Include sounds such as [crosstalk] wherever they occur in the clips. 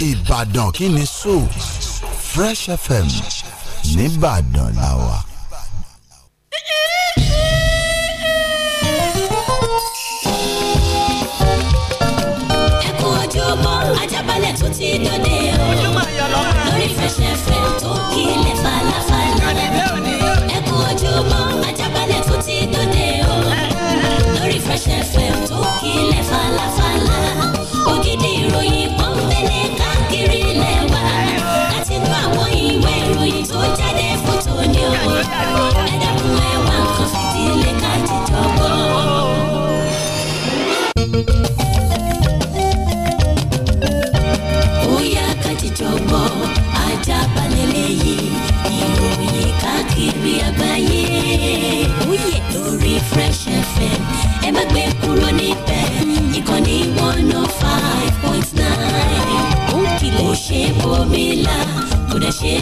Ìbàdàn kí ni so Fresh FM nìbàdàn la wà. ẹ kú ojúbọ Ajábalẹ̀ tó ti dòde o lórí Fresh FM tó kílẹ̀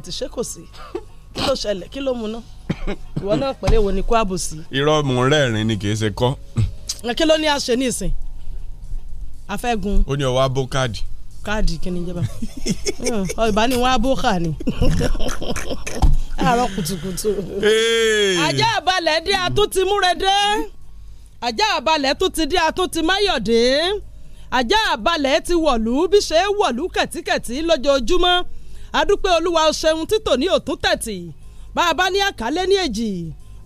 right ṣé kò sí kí ló ṣẹlẹ̀ kí ló mu ná ìwọ náà pẹ̀lú èwo ni kó ààbò sí. irọ́ mò ń ni kì í ṣe kọ́. kí ló ní àṣẹ ní ìsìn afẹ́gun. ó ní ọwọ́ abó káàdì. káàdì kí ni ìjọba ọba ni wọn abó kà ni àárọ̀ kùtùkùtù. ajá àbálẹ̀ dé àtúntì múrẹ́dẹ́ ajá àbálẹ̀ tún ti dé àtúntì máyọ̀dé ajá àbálẹ̀ ti wọ̀lú bí ṣe wọ̀lú kẹ̀tíkẹ̀tí lójoojúmọ́ adúpẹ́ olúwa ó ṣeun títò ní òtún tẹ̀tì bá a bá ní àkálẹ́ ní èjì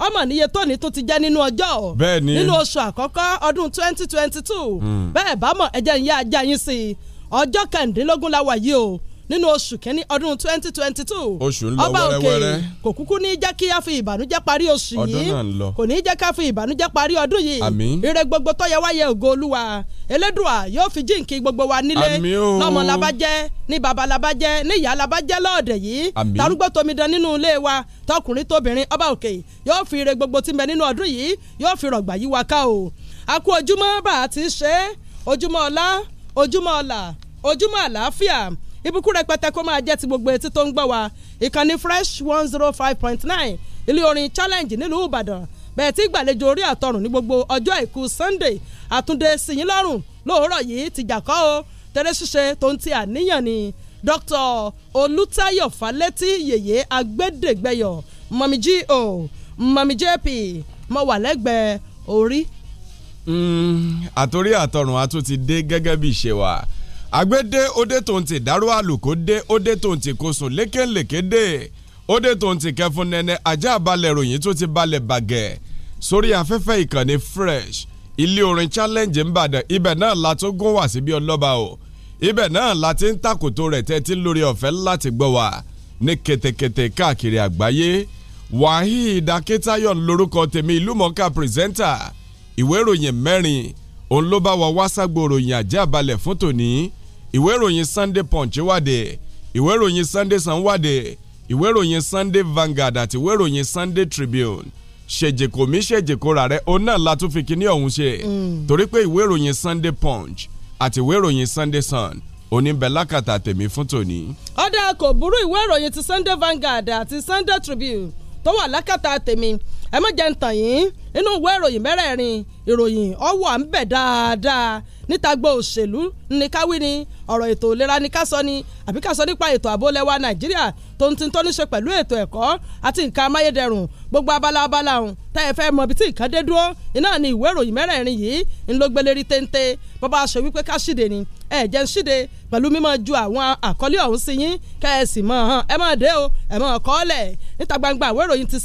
ọmọ níye tóní tó ti jẹ́ nínú ọjọ́ bẹ́ẹ̀ni nínú oṣù àkọ́kọ́ ọdún twenty twenty two hmm. bẹ́ẹ̀ bá ẹ̀jẹ̀ ń ajá yín sí ọjọ́ kẹ̀ǹdínlógún la wà yìí o nínú oṣù kínní ọdún twenty twenty two ọba òkè kò kúkú ní jẹ́ kí a fi ìbànújẹ́ parí oṣù yìí kò ní jẹ́ ká fi ìbànújẹ́ parí ọdún yìí ire gbogbo tó yẹ wá yẹ ògo olúwa elédùà yóò fi jíǹkí gbogbo wa nílé lọ́mọ labajẹ́ ní baba labajẹ́ ní ìyá labajẹ́ lọ́ọ̀dẹ̀ yìí tarúgbó tomidan nínú ilé wa tọkùnrin tóbìnrin ọba òkè yóò fi ire gbogbo tí ń bẹ nínú ọdún yìí yóò fi rọ̀gbà yí wa ká o a kú ojúmọ́ bá a ti ṣe ojúmọ́ ọlá ojúmọ́ ọlà ojúmọ́ àlàáfíà ibùkún rẹpẹtẹ kó máa jẹ́ ti gbogbo etí tó ń gbọ́ wa ìkànnì fresh one zero five point nine ilé orin challenge nílùú ìbàdàn bẹ́ẹ̀ tí gbàlejò orí àtọrùn ní gbogbo ọjọ́ àìkú sunday àtúndé sìyín lọ́rùn lóòrọ̀ yìí ti jàkọ́ o tẹ́lẹ̀ ṣíṣe tó ń ti àníyàn ni dr olùtayọ̀ falẹ́tì yèyé agbẹ́dẹ́gbẹ́yọ̀ mọ̀mí g.o mọ̀mí jp mo wà lẹ́gbẹ̀ẹ́ orí. Hmm, àtòrí àtọrùn a tún ti dé gẹ́gẹ́ bí ìṣe wa ode tonti tòǹtì dárò àlùkò dé òde tòǹtì kò sùn lékèlékèdè òde tòǹtì kẹfún nẹnẹ ajá balẹ̀ ròyìn tó ti balẹ̀ bàgẹ́ sórí afẹ́fẹ́ ìkànnì fresh ilé orin challenge ńbàdàn ibẹ̀ náà la tó gún wá síbi ọlọ́ba o ibẹ̀ náà la ti ń tàkòtò rẹ̀ tẹ́tí lórí ọ̀fẹ́ láti gbọ́ wa ní kètèkètè káàkiri àgbáyé Waheed Akitayo lórúkọ tèmi ìlúmọ̀ọ́ká pírẹsẹ́ńtà ìwé ìròyìn mẹ́rin òun ló bá wa wá ságbó àjẹ́ àbalẹ̀ fún tòní ìwé ìròyìn Sunday Punch wádìí ẹ̀ ìwé ìròyìn Sunday Sun wádìí ẹ̀ ìwé ìròyìn Sunday Vanguard àti ìwé ìròyìn Sunday Tribune ṣèjèkò mi ṣèjèkò rà rẹ òun náà la tún fi kíní ọ̀hún ṣe mm. torí pé ìwé ìròyìn Sunday Punch àti ìwé ìròyìn Sunday Sun oníbẹ̀lákàtà tèmi fún tòní. ọ̀dà kò burú ìwé ìròyìn ti Sunday Vanguard àti Sunday Tribune tó wà lákàtà tèmi ẹ má jẹ́ ń tàn yín inú ìwé ìròyìn mẹ́rẹ̀ẹ̀rin ìròyìn ọwọ́ à ń bẹ̀ dáadáa níta gbọ́ òṣèlú ní ká wí ni ọ̀rọ̀ ètò ìlera ní ká sọ ni àbí ká sọ nípa ètò ààbò lẹ́wà nàìjíríà tó ń ti tó ní ṣe pẹ̀lú ètò ẹ̀kọ́ àti nǹkan amáyédẹrùn gbogbo abala abala ọ̀hún tá ẹ fẹ́ mọ ibi tí nǹkan dé dúró iná ni ìwé ìròyìn mẹ́rẹ̀ẹ̀rin yìí ń ló gbélé téńté bàbá aṣọ wípé ká ṣìde ni ẹ jẹ́ ń ṣìde pẹ̀lú mímọ́ ju àwọn àkọlé ọ̀hún sí yín kẹ́ ẹ sì mọ̀ ẹ máa dé o ẹ máa kọ́ ọ́ lẹ̀ níta gbangba àwọn ìròyìn ti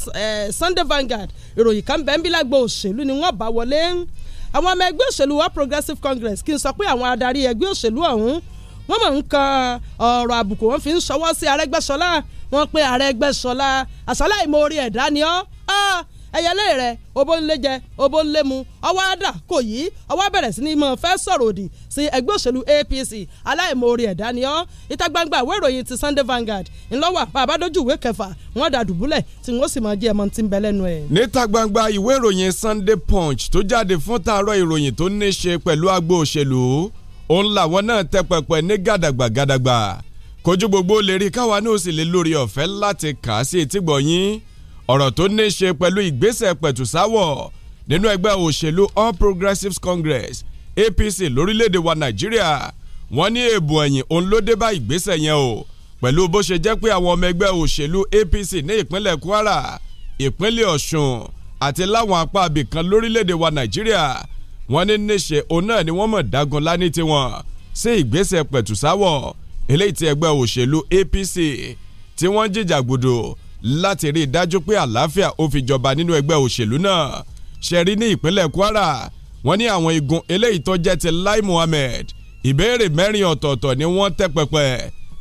Sunday Vanguard ìròyìn kan bẹ́ẹ̀ ń bí lágbo òṣèlú ni wọ́n bá wọlé àwọn ọmọ ẹgbẹ́ òṣèlú All Progressives Congress kí n sọ pé àwọn adarí ẹgbẹ́ òṣèlú ọ̀hún wọ́n mọ̀ ń kan ọ̀rọ̀ àbùkù wọ́n fi ń ṣọwọ́ sí Arẹ́gbẹ́ṣọlá wọ́n pe Arẹ́gbẹ́ṣọlá àṣálà ìmoore ẹ̀dá ni ọ́ ah! ẹyẹlé rẹ̀ obó ń lé jẹ obó ń lé mu ọwọ́ àdà kò yí ọwọ́ bẹ̀rẹ̀ sí ni mọ̀ fẹ́ sọ̀rọ̀ òdì sí ẹgbẹ́ òṣèlú APC aláìmoore ẹ̀dá ni ọ́ ìta gbangba àwọn ìròyìn ti Sunday Vanguard ńlọ́wà bàbá ìwé kẹfà wọ́n dà dùbúlẹ̀ tí wọ́n sì máa jẹ́ ẹmọ tí ń bẹ lẹ́nu ẹ̀. níta gbangba ìwé ìròyìn Sunday Punch tó jáde fún tàárọ̀ ìròyìn tó ní ṣe pẹ̀lú agbo òṣèlú òun làwọn náà tẹ pẹpẹ ní gàdàgbà gàdàgbà kojú gbogbo lè rí káwa náà sì lè lórí ọ̀fẹ́ láti kà á sí etígbọ̀nyín ọ̀rọ̀ tó ní í ṣe pẹ̀lú ìgbésẹ̀ pẹ̀tùsáwọ̀ nínú ẹgbẹ́ òṣèlú All Progressives Congress APC lórílẹ̀‐èdè wa Nàìjíríà wọ́n ní èèbù ẹ̀yìn òun ló dé bá ìgbésẹ̀ yẹn o pẹ̀lú bó ṣe jẹ́ pé àwọn ọmọ ẹgbẹ́ òṣèlú APC ní ìpínlẹ̀ Kwara ìpínlẹ̀ Ọ̀ṣun àti láwọn apá abìkan lórílẹ̀‐èdè wa Nàìjíríà wọ́n ní níṣe òun náà ni wọ́n mọ̀ dágun lání tiwọn sí ìgbésẹ̀ pẹ̀tùsáwọ̀ eléyìí ti ẹgbẹ́ òṣèlú APC tí wọ́n jìjàgbòdò láti rí i dájú pé àlàáfíà ó fi jọba nínú ẹgbẹ́ òṣèlú náà ṣẹ̀rí ní ìpínlẹ̀ Kwara wọ́n ní àwọn igun eléyìí tó jẹ́ ti Lai Muhammed ìbéèrè mẹ́rin ọ̀tọ̀ọ̀tọ̀ ni wọ́n tẹ́ pẹpẹ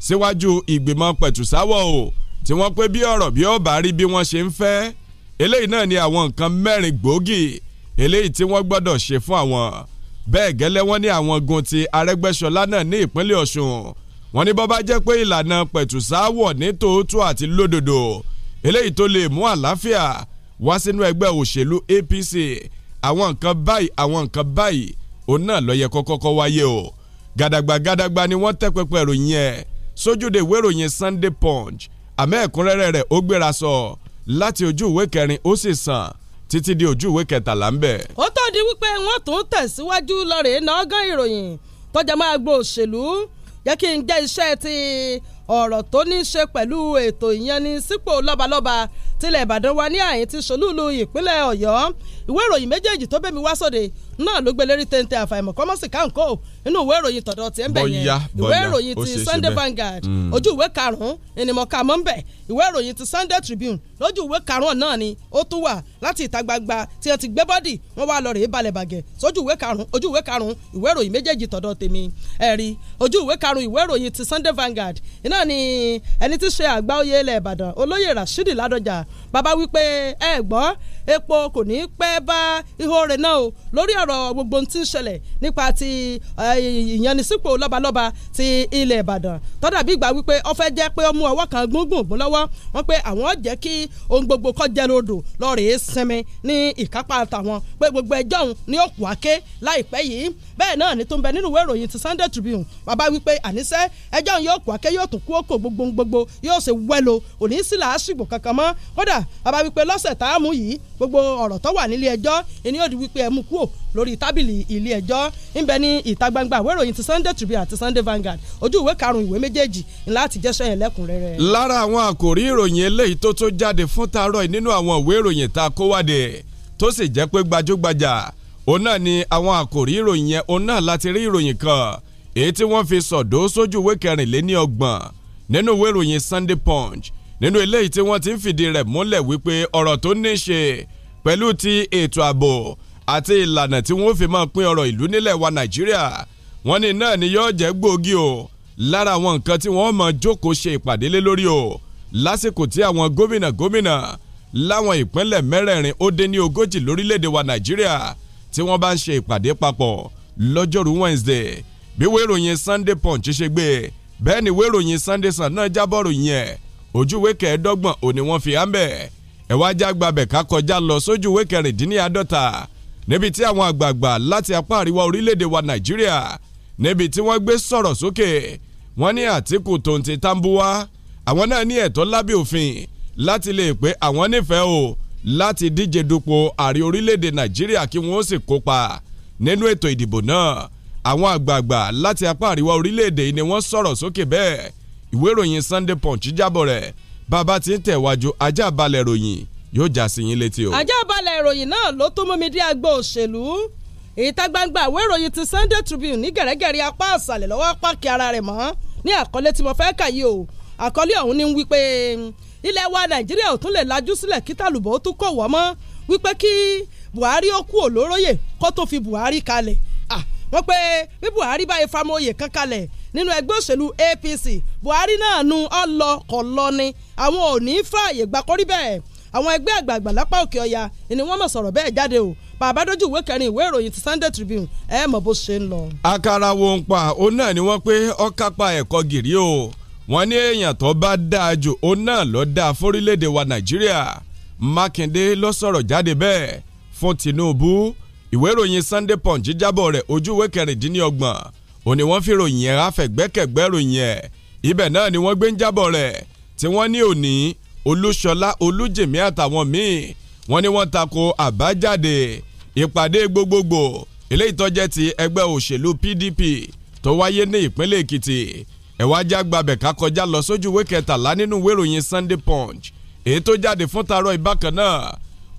síwájú ìgbìmọ̀ pẹ̀tùsáwọ̀ o tí wọ́n pé bí ọ̀rọ̀ bí ó bá rí bí wọ́n ṣe ń fẹ́ eléyìí náà ni àwọn nǹkan mẹ́rin gbòógì eléyìí tí wọ́n gbọ́dọ̀ ṣe fún àwọn bẹ́ẹ̀ gẹ́lẹ́ wọ́n ní àwọn gun ti Arẹ́gbẹ́ṣọlá náà ní ìpínlẹ̀ Ọ̀ṣun wọ́n ní bó bá jẹ́ pé ìlànà pẹ̀tùsáwọ̀ ní tòótọ́ àti lódodo eléyìí tó lè mú àlàáfíà wá sínú ẹgbẹ́ òṣèlú APC àwọn nǹkan báyìí àwọn nǹkan báyìí òun náà ló kọ́kọ́kọ́ wáyé o gàdàgbà gàdàgbà ni wọ́n tẹ́ pẹpẹ ìròyìn ẹ̀ sójúde ìwé ìròyìn Sunday Punch àmọ́ ẹ̀kúnrẹ́rẹ́ rẹ̀ ó gbéra sọ láti ojú ìwé kẹrin ó sì sàn títí di ojú ìwé kẹtàlá ń bẹ̀. ó tó di wípé wọ́n tún tẹ̀síwájú lọ́rẹ̀ẹ́ náà gán ìròyìn tọ́jà máa gbọ́ òṣèlú jẹ́ kí n jẹ́ iṣẹ́ ti ọ̀rọ̀ tó ní í ṣe pẹ̀lú ètò ìyanisípò lọ́balọ́ba tilẹ̀ Ìbàdàn wa ní àyín ti ṣolúlu ìpínlẹ̀ Ọ̀yọ́ ìwé ìròyìn méjèèjì tó bẹ́mi wá sóde náà ló gbé lérí téńté àfàìmọ̀ kọ́mọ́sì káńkó nínú ìwé ìròyìn tọ̀dọ̀ tiẹ̀ ń bẹ̀ yẹn ìwé ìròyìn ti Sunday Vanguard mm. ojú ìwé karùn-ún ìnìmọ̀ká mọ́ ń bẹ̀ ìwé ìròyìn ti Sunday Tribune lójú ìwé karùn-ún náà ni ó tún wà láti ìta gbangba tí wọ́n ti gbé bọ́dì wọ́n wá lọ rèé balẹ̀ bàgẹ́ sójú ìwé karùn-ún ojú ìwé karùn-ún ìwé ìròyìn méjèèjì tọ̀dọ̀ tèmi ẹ̀rí ojú ìwé karùn-ún ìwé ìròyìn ti Sunday Vanguard iná ni ẹni tí ṣe àgbà oyè ilẹ̀ Ìbàdàn olóyè Rashidi Ládọjà bàbá wípé ẹ gbọ́ epo kò ní pẹ́ bá ihò rẹ̀ náà o lórí ọ̀rọ̀ gbogbo tí ń ṣẹlẹ̀ nípa ti ìyanisípò lọ́balọ́ba ti ilẹ̀ Ìbàdàn tọ́dà bí ìgbà wípé ó fẹ́ jẹ́ pé ó mú ọwọ́ kan gbóngbòn gbó lọ́wọ́ wọn pé àwọn jẹ́ kí ohun gbogbo kó jẹ́ lódò lọ́ọ̀rẹ́ sinmi ní ìkápá tàwọn pé gbogbo ẹjọ́ òun ni ó kù áké láìpẹ́ yìí bẹ́ẹ̀ náà ni tó ń bẹ nínú ìwé ìròyìn ti Sunday Tribune bàbá wípé àníṣe ẹjọ́ òun yóò kù áké yóò tún kú òkò gbogbo gbogbo yóò ṣe wẹ́lo òní sí làásìgbò kankan mọ́ kódà àbá wípé lọ́sẹ̀ tá a mú yìí gbogbo ọ̀rọ̀ tó wà nílé ẹjọ́ ìní yóò di wípé ẹ mú kúò lórí tábìlì ilé ẹjọ́ ńbẹ ní ìta gbangba àwọn ìròyìn ti Sunday Tribune àti Sunday Vanguard ojú ìwé karùn-ún ìwé méjèèjì ńlá àti jẹ́sọ́ yẹn lẹ́kùnrẹ́rẹ́. lára àwọn àkòrí ìròyìn eléyìí tó tó jáde fún taarọ̀ nínú àwọn ìwé ìròyìn tá kó wádìí tó sì jẹ́ pé gbajúgbajà òun náà ni àwọn àkòrí ìròyìn yẹn òun náà láti rí ìròyìn kan èyí tí wọ́n fi sọ̀dọ́ sójú ìwé kẹrìnléní ọgbọ̀n nínú ìwé ìròyìn Sunday Punch nínú eléyìí tí wọ́n ti ń fìdí rẹ̀ múlẹ̀ wípé ọ̀rọ̀ tó ní ṣe pẹ̀lú ti ètò ààbò àti ìlànà tí wọ́n fi máa pín ọ̀rọ̀ ìlú nílẹ̀ wa Nàìjíríà wọ́n ní náà ni yóò jẹ́ gbòógì o lára àwọn nǹkan tí wọ́n máa jókòó ṣe ìpàdé lé lórí o lásìkò tí àwọn gómìnà gómìnà láwọn ìpínlẹ̀ mẹ́rẹ̀ẹ̀rin ó dé ní ogójì lórílẹ̀‐èdè wa Nàìjíríà tí wọ́n bá ń ṣe ìpàdé papọ̀ lọ́jọ́rú Wednesday bí wéèròyìn Sunday Punch ṣe gbé e, bẹ́ẹ̀ ni wéèròyìn Sunday Sun náà jábọ̀ ẹ̀ ojúwe kẹẹ̀ẹ́dọ́gbọ̀n òní wọ́n fi hàn bẹ́ẹ̀ ẹ̀wá já gbabẹ̀ ká kọjá lọ sójúwe kẹrìndínláàdọ́ta níbi tí àwọn àgbààgbà láti apá àríwá orílẹ̀-èdè wa Nàìjíríà níbi tí wọ́n gbé sọ̀rọ̀ sókè wọ́n ní Àtíkù tòǹtì tambuwa àwọn náà ní ẹ̀tọ́ lábẹ́ òfin láti lè pé àwọn nífẹ̀ẹ́ o láti díje dupò ààrẹ orílẹ̀-èdè Nàìjíríà kí wọ́n ó sì kópa nínú ètò ìdìbò náà àwọn àgbààgbà láti apá àríwá orílẹ̀-èdè ni wọ́n sọ̀rọ̀ sókè bẹ́ẹ̀ ìwé ìròyìn Sunday Punch jábọ̀ rẹ̀ bàbá tí ń tẹ̀wájú ajá balẹ̀ ìròyìn yóò já sí yín létí o. ajá balẹ̀ ìròyìn náà ló tún mú mi dé agbo òṣèlú ìta gbangba ìwé ìròyìn ti Sunday Tribune ní gẹ̀rẹ́gẹ̀rẹ́ apá àṣàlẹ̀ lọ́wọ́ apá kí ara rẹ̀ mọ́ ní àkọlé tí mo fẹ́ kà yìí o àkọlé ọ̀hún ni wípé ilẹ̀ wa Nàìjíríà ò tún lè lajú sílẹ̀ kí tàlùbọ̀ ó tún kọ̀ wọ́ mọ́ wípé kí Buhari ó kú olóróyè kó tó fi Buhari kalẹ̀ ah wọ́n pé bí Buhari báyìí famóye kan kalẹ̀ nínú ẹgbẹ́ òṣèlú APC Buhari náà nu ọlọ kọ̀ lọ ni àwọn ò ní fààyè gbà kórí bẹ́ẹ̀ àwọn ẹgbẹ́ àgbààgbà lápá òkè ọya ni wọ́n mọ̀ sọ̀rọ̀ bẹ́ẹ̀ jáde o bàbá dojú ìwé kẹrin ìwé ìròyìn ti Sunday Tribune ẹ mọ̀ bó ṣe ń lọ. àkàrà wo ń pa òun náà ni wọ́n pé ó kápá ẹ̀kọ́ gìrì o wọ́n ní èèyàn tó bá dáa jù òun náà ló dáa fórílẹ̀-èdè wa Nàìjíríà Mákindé ló sọ̀rọ̀ jáde bẹ́ẹ̀ fún Tinubu ìwé ìròyìn Sunday Punch jábọ̀ rẹ̀ ojú ìwé kẹrìndínlọ́gbọ̀n ó ní wọ́n fi ròyìn ẹ̀ afẹ̀gbẹ́kẹ̀gbẹ́ ròyìn ẹ̀ ibẹ̀ náà ni wọ́n gbé ń jábọ̀ rẹ̀ tí wọ́n ní òní olúṣọlá olújèmí àtàwọn míì wọ́n ní wọ́n tako àbájáde ìpàdé gbogbogbò eléyìí tó jẹ́ ti ẹgbẹ́ òṣèlú PDP tó wáyé ní ìpínlẹ̀ Èkìtì ẹ̀wájà gbabẹ̀ ká kọjá lọ sójú ìwé kẹtàlá nínú ìwé ìròyìn Sunday Punch èyí tó jáde fún taarọ̀ ìbákan náà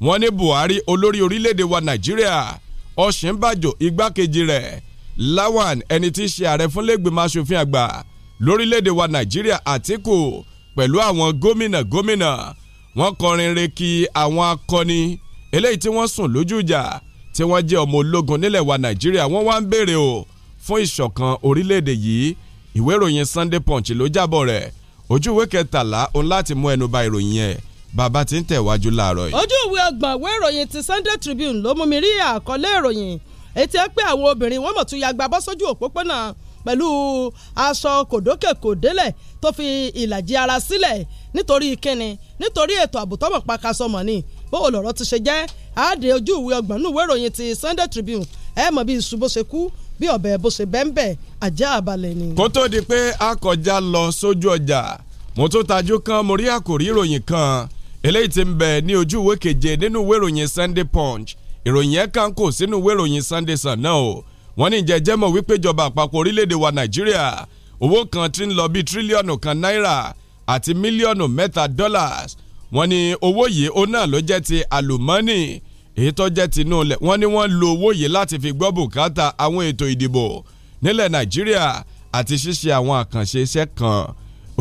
wọ́n ní Buhari olórí orílẹ̀-èdè wa Nàìjíríà Ọ̀ṣínbàjò igbákejì rẹ̀ Lawan ẹni tí í ṣe ààrẹ fún lẹ́gbẹ̀mọ aṣòfin àgbà lórílẹ̀‐èdè wa Nàìjíríà Àtíkù pẹ̀lú àwọn gómìnà gómìnà wọ́n kọrin re kí àwọn akọni eléyìí tí wọ́n sùn lójú ìjà tí wọ́n jẹ́ ọmọ ológun nílẹ̀ wa Nàìjíríà wọ́n wá ń béèrè o fún ìṣọ̀kan orílẹ̀‐èdè yìí ìwé ìròyìn Sunday Punch ló jábọ̀ rẹ̀ ojú ìwé kẹtàlá òun láti mú ẹnu ba ìròyìn yẹn bàbá tí ń tẹ̀wájú láàárọ̀ yìí. ojú ìwé ọgbọ̀n ìwé ìròyìn ti Sunday Tribune ló mú mi rí àkọlé ìròyìn ètò ẹ pé àwọn obìnrin wọ́n mọ̀ tún ya gba bọ́ sójú òpópónà pẹ̀lú aṣọ kòdókè kòdélẹ̀ tó fi ìlàjì ara sílẹ̀ nítorí kíni nítorí ètò ààbò tọ́mọ̀ pakasọmọ̀ ni bówó lọ̀rọ̀ ti ṣe jẹ́ àádé ojú ìwé ọgbọ̀n nínú ìwé ìròyìn ti Sunday Tribune ẹ mọ̀ bí iṣu bó ṣe kú bí ọ̀bẹ bó ṣe bẹ́ńbẹ́ ajá àbálẹ̀ ni. kó tó di pé a kọjá lọ sójú ọjà mo tún tajú kan mo rí àkòrí ìròyìn kan eléyìí tí ń bẹ ní ojú ìwé keje nínú ìwé ìròyìn Sunday Punch ìròyìn yẹn kan kò sínú ìwé ìròyìn Sunday Sun náà o wọ́n ní ìjẹ́jẹ́ mọ̀ wípé ìjọba àpapọ̀ orílẹ̀-èdè wa Nàìjíríà owó kan tí ń lọ bíi tírílíọ̀nù kan náírà àti mílíọ̀nù mẹ́ta dọ́là wọ́n ní owó yìí ó náà ló jẹ́ ti àlùmọ́ọ́nì èyí tó jẹ́ ti inú ilẹ̀ wọ́n ní wọ́n lo owó yìí láti fi gbọ́ bùkátà àwọn ètò ìdìbò nílẹ̀ Nàìjíríà àti ṣíṣe àwọn àkànṣe iṣẹ́ kan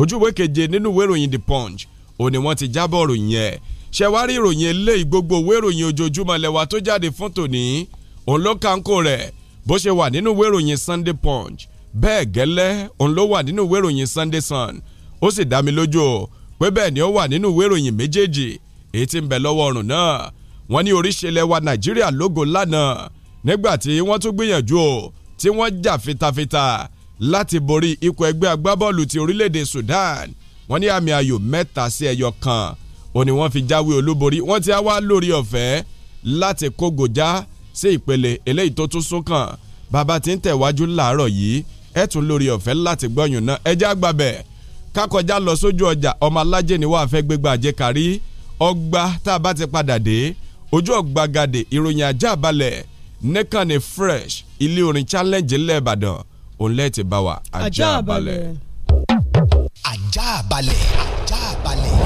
ojúwe keje nínú ìwé ìròyìn The Punch òní wọ́n ti jábọ̀ ròyìn yẹn ṣẹ̀wárí ìròyìn eléyìí gbogbo òwe ìròyìn ojoojúmọ́ lẹ́wà tó jáde fún tòní òun ló kàńkò rẹ̀ bó ṣe wà nínú ìwé ìròyìn Sunday Punch bẹ́ẹ̀ gẹ́lẹ́ òun ló wà nínú ìwé ìròyìn Sunday Sun ó sì dá mi lójú o pé bẹ́ẹ̀ ni ó wà nínú ìwé ìròyìn méjèèjì èyí tí ń bẹ lọ́wọ́ ọ̀run náà wọ́n ní oríṣiríṣi wa Nàìjíríà lógo lánàá nígbà tí wọ́n tún gbìyànjú o tí wọ́n jà fitafita láti borí ikọ̀ ẹgbẹ́ agbábọ́ọ̀lù ti orílẹ̀-èdè Sudan wọ́n ní àmì ayò mẹ́ta sí ẹyọ kan ó ní wọ́n fi jáwé olúborí wọ́n ti á wá lórí ọ̀fẹ́ láti kógojá sí ìpele eléyìí tó tún sókàn bàbá tí ń tẹ̀wájú làárọ̀ yìí ẹ̀ tún lórí ọ̀fẹ́ láti gbọ́yùn náà ẹjẹ́ àgbàbẹ̀ kákọjá lọ sójú ọjà ọmọ alájẹ ni wàá fẹ́ gbégbá àjẹkárí ọgbà tá a bá ti padà dé ojú ọ̀gbagadè ìròyìn ajá balẹ̀ nìkànnì fresh ilé orin challenge ńlẹ̀ ìbàdàn òun lẹ́ẹ̀tì bá wa ajá balẹ̀. ajá balẹ̀ ajá balẹ̀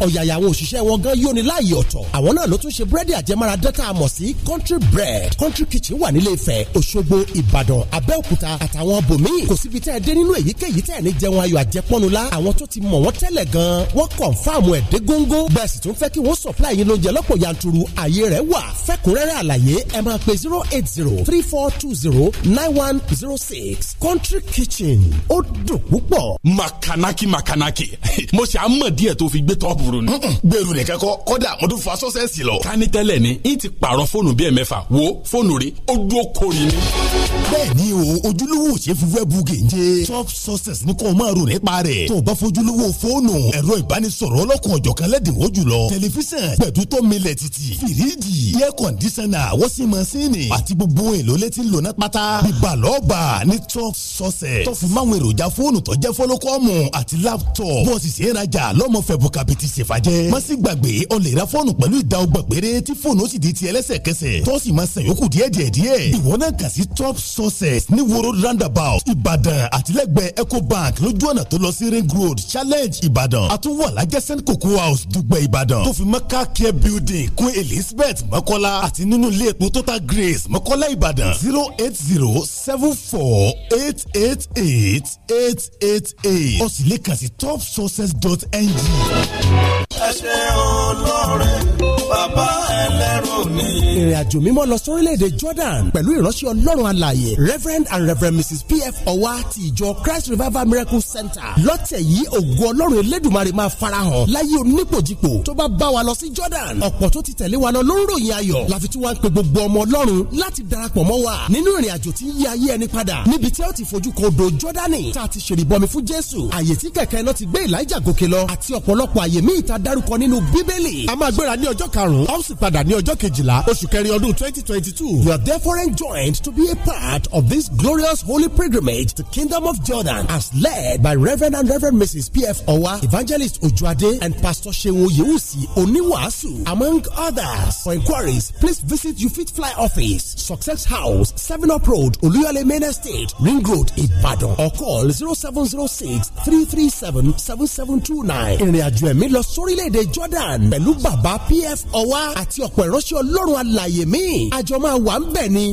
ní ọ̀yàyà àwọn òṣìṣẹ́ wọn gan yóò ní láàyè ọ̀tọ̀ àwọn náà ló tún ṣe búrẹ́dì àjẹmára dẹ́ta àmọ̀ sí country bread country kitchen wà nílé Ifẹ̀ Òṣogbo Ìbàdàn Abẹ́òkúta àtàwọn bòmíì kò síbi tẹ́ ẹ dé nínú èyíkéyìí tẹ́ ẹ ní jẹun ayọ̀ àjẹpọ́nula àwọn tó ti mọ̀ wọ́n tẹ́lẹ̀ gan wọ́n kọ̀ǹfàmù ẹ̀ dé góńgó bẹ́ẹ̀ sì tún fẹ́ kí wọ́n sọ̀pláì pe zero eight zero three four two zero nine one zero six country kitchen ó dùn púpọ̀. makanaki makanaki [laughs] mo ṣe àmọ̀ díẹ̀ ṣọ́ọ̀bù rò ní. gbèrú nìkan kọ kọ́dà mo tún fa sọ́sẹ̀sì lọ. ká ní tẹ́lẹ̀ ni n ti pààrọ̀ fóònù bíi ẹ̀mẹ́fà wo fóònù rẹ̀ ó dúró kori ni. bẹ́ẹ̀ni o ojúlówó ṣe fi wẹ́ẹ̀bù gèje top success ní kò máa rò nípa rẹ̀ tó o bá fojúlówó fóònù ẹ̀rọ ìbánisọ̀rọ̀ ọlọ́kùn ọ̀jọ̀kan lẹ́dínwó jùlọ tẹlifíṣàn gbẹ̀dútọ́ milẹ̀ títì fìríjì iye kọ̀ndísánà wọ́sí masínì àti gbogbo èlò létí lónà pátá ìbàlọ́ọ̀bà ní top success tó fi máwọn èròjà fóònù tó jẹ́ fọlọ́kọ́mù àti láptọ̀pù bọ́ọ̀sì sí ìrajà lọ́mọ fẹ̀bù kàpìt àti ṣèfàjẹ́. má sì gbàgbé o lè ra fóònù pẹ̀lú ìdá ọgbọ̀n péré tí fóònù ó sì di tiẹ̀ lẹ́sẹ̀kẹsẹ̀ tó sì máa san yòókù díẹ̀ díẹ̀ díẹ̀. ìwọ náà kà sí top sources ní woro roundabout ìbàdàn àtìlẹ́gbẹ̀ẹ́ ecobank lójú ọ̀nà tó lọ sí ring road challenge ìbàdàn àtúwọ̀ alájẹ́ st cocoa house dùgbẹ̀ ìbàdàn tó fi mọ́ car care building kún elizabeth mọ́kọ́lá àti nínú ilé epo total grace mọ́kọ́lá ìbàdàn zero eight zero seven four eight eight eight eight eight eight ó sì lè kà sí topsources.ng ẹ ṣe ọlọ́rẹ́ bàbá ẹlẹ́rù ni. ìrìn àjò mímọ́ lọ sórílẹ̀-èdè Jordan pẹ̀lú ìránṣẹ́ ọlọ́run alààyè Reverend and Reverend Mrs P.F. Ọwa ti ìjọ Christ Revival Miracle Center lọ́tẹ̀ yìí ògo ọlọ́run elédùnmarè máa farahàn láyé onípòjìpò tó bá bá wa lọ sí Jordan ọ̀pọ̀ tó ti tẹ̀lé wa lọ ló ń ròyìn ayọ̀ láfi tí wọ́n ń pe gbogbo ọmọ ọlọ́run láti darapọ̀ mọ́ wa nínú ìrìn àjò tí ń yí ayé ẹni padà níbi tí ó ti fojú kan odò Jọ́dánì tá a ti ṣèrìbọmi fún Jésù àyè tí kẹ̀kẹ́ náà ti gbé Èlíjà gòkè lọ àti ọ̀pọ̀lọpọ̀ àyè míì ta dárúkọ nínú Bíbélì a máa gbéra ní ọjọ́ kan karùn-ún a ó sì padà ní ọjọ́ kejìlá oṣù kẹrin ọdún twenty twenty two you are therefore enjoined to be a part of this glorious holy pilgrimage to kingdom of Jordan as led by Reverend and Reverend Mrs. P.F. Owa Evangelist Ojuade and Pastor Seun Yewusi Oniwasu, among others for inquiries please visit Ufit Fly office Success House Seven Up Road Oluyale Main Estate Ring Road Ibadan or call 0706 seven zero six three three seven seven ẹ̀mí lọ sórílẹ̀-èdè Jordan pẹ̀lú bàbá P.F ọwá àti ọ̀pọ̀ ìránṣẹ́ ọlọ́run alàyè mi àjọ máa wà ń bẹ̀ ni.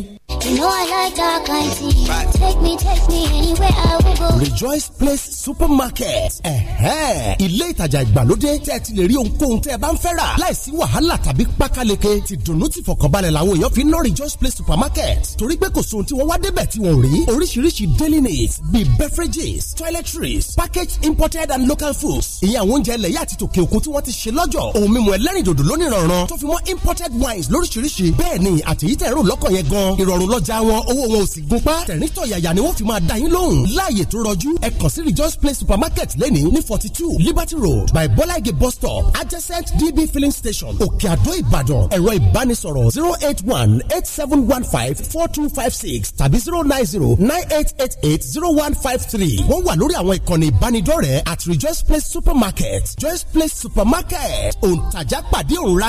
You know I like dark lighting. Take me, take me anywhere I will go. Rejoice Place Supermarket. Ẹ̀hẹ́ ilé ìtajà ìgbàlódé tẹ́ ẹ ti lè rí ohunkóhun tẹ́ ẹ bá ń fẹ́ rà láìsí wàhálà tàbí pákáleke ti dùnú ti fọkànbalẹ̀ làwọn èèyàn fi ń ná Rejoice Place Supermarket. Torí pé kò sóhun tí wọ́n wá débẹ̀ tí wọ́n rí. Oríṣiríṣi daily needs bíi beverages, toiletries, packaged imported and local foods. Ìyẹn àwọn oúnjẹ ilẹ̀ yá àti tòkè òkun tí wọ́n ti ṣe lọ́jọ̀. Ohun mímu ẹlẹ́rìndòdò lónìí ọ̀ràn tó fi mọ́ imported wines lóríṣiríṣi bẹ́ẹ̀ ni àtẹ̀yí tẹ̀ rò lọ́kàn yẹn gan ìrọ̀rùn lọ́jà wọn owó wọn ò sì gun pa tẹ̀rìntọ̀ yàyà ni wọ́n fi máa dá yín lóhùn láàyè tó rọjú ẹ kàn sí Rejoice Place supermarket lẹ́ni ní forty two Liberty Road by Bọ́láìgè bus stop adjacent DB filling station Òkè Àdó Ìbàdàn ẹ̀rọ ìbánisọ̀rọ̀ zero eight one eight seven one five four two five six tàbí zero nine zero nine eight eight eight zero one five three wọ́n wà lórí àwọn ìkànnì ìbánidọ́rẹ̀ẹ́ at Rejoice Place supermarket Rejoice Place supermarket òǹtajà pàdé òǹra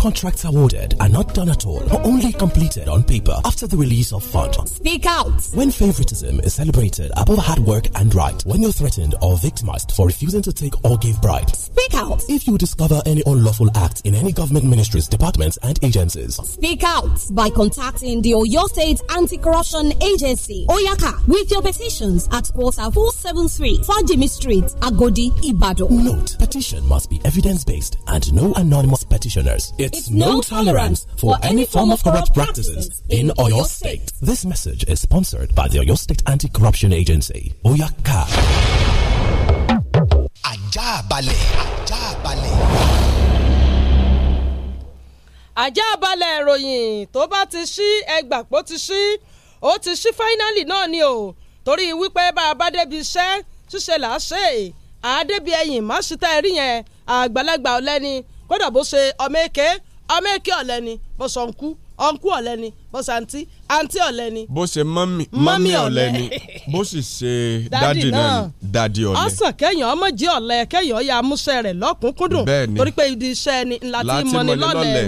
contracts awarded are not done at all or only completed on paper after the release of fund. Speak out! When favoritism is celebrated above hard work and right, when you're threatened or victimized for refusing to take or give bribe, speak out! If you discover any unlawful act in any government ministries, departments, and agencies, speak out by contacting the Oyo State Anti Corruption Agency, Oyaka, with your petitions at quarter 473 Fajimi Street, Agodi, Ibadan. Note, petition must be evidence based and no anonymous petitioners. It's It's no tolerance for any form of corrupt practices in Oyo State. This message is sponsored by the Oyo State Anti Corruption Agency, Oyaka. Ajabale, Ajabale. Ajabale, balẹ̀ ajá balẹ̀ ìròyìn tó bá ti ṣí ẹgbàpọ̀ ti ṣí ó ti ṣí fáínàlì náà ni o torí wípé bá a bá débi iṣẹ́ ṣíṣe là á ṣe àádébi ẹ̀yìn má ṣe tá ẹ rí yẹn àgbàlagbà ọ̀lẹ́ni kódà bó ṣe ọmọ èké ọmọ èké ọ̀lẹ́ ni bó sọ ń kú ọ̀nkú ọ̀lẹ́ ni bó ṣe àǹtí àǹtí ọ̀lẹ́ ni. bó ṣe mọ́mì mọ́mì ọ̀lẹ́ ni bó sì ṣe [laughs] dádì náà dádì ọ̀lẹ́. ọ̀sán kẹ́yìn ọmọ jí ọ̀lẹ́ kẹ́yìn ọ̀yà amúṣẹ́ rẹ̀ lọ́kùnkúndùn torí pé ìdí iṣẹ́ ni ńlá tí mọ́ni lọ́lẹ̀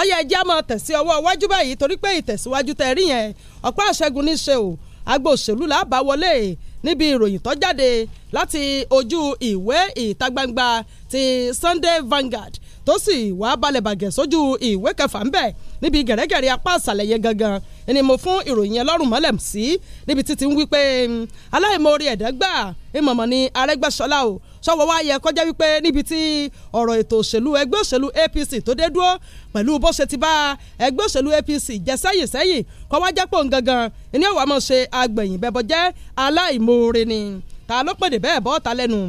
ọ̀yà ẹja máa tẹ̀sí ọwọ́ iwájú báyìí torí pé ìtẹ̀síwájú tẹ̀ rí yẹn ọ̀pẹ́ àṣẹgun ní ṣe o agbo òṣèlú là bá wọlé níbi ìròyìn tó jáde láti ojú ìwé ìta gbangba ti Sunday Vanguard tó sì wá balẹ̀ bàgẹ́ sójú ìwé kẹfà ń bẹ̀ níbi gẹ̀rẹ́gẹ̀rẹ́ apá àṣàlẹ̀ yẹn gangan ni mo fún ìròyìn yẹn lọ́rùn mọ́lẹ̀ sí níbi títí ń wí pé hmm, aláìmoore ẹ̀dá gbà ìmọ̀mọ̀ ni Arẹ́gbẹ́ṣọlá o sọ́wọ́ wa yẹ kọjá wípé níbi tí ọ̀rọ̀ ètò òṣèlú ẹgbẹ́ òṣèlú APC tó dé dúró pẹ̀lú bó ṣe ti bá ẹgbẹ́ òṣèlú APC jẹ sẹ́yìn sẹ́yìn kọ́ wá jẹ́pọ̀ gangan ní ọ̀wá mọ̀ ṣe agbẹ̀yìn bẹ́bọ̀ jẹ́ aláìmoore ni ta ló pèdè bẹ́ẹ̀ bọ́ ta lẹ́nu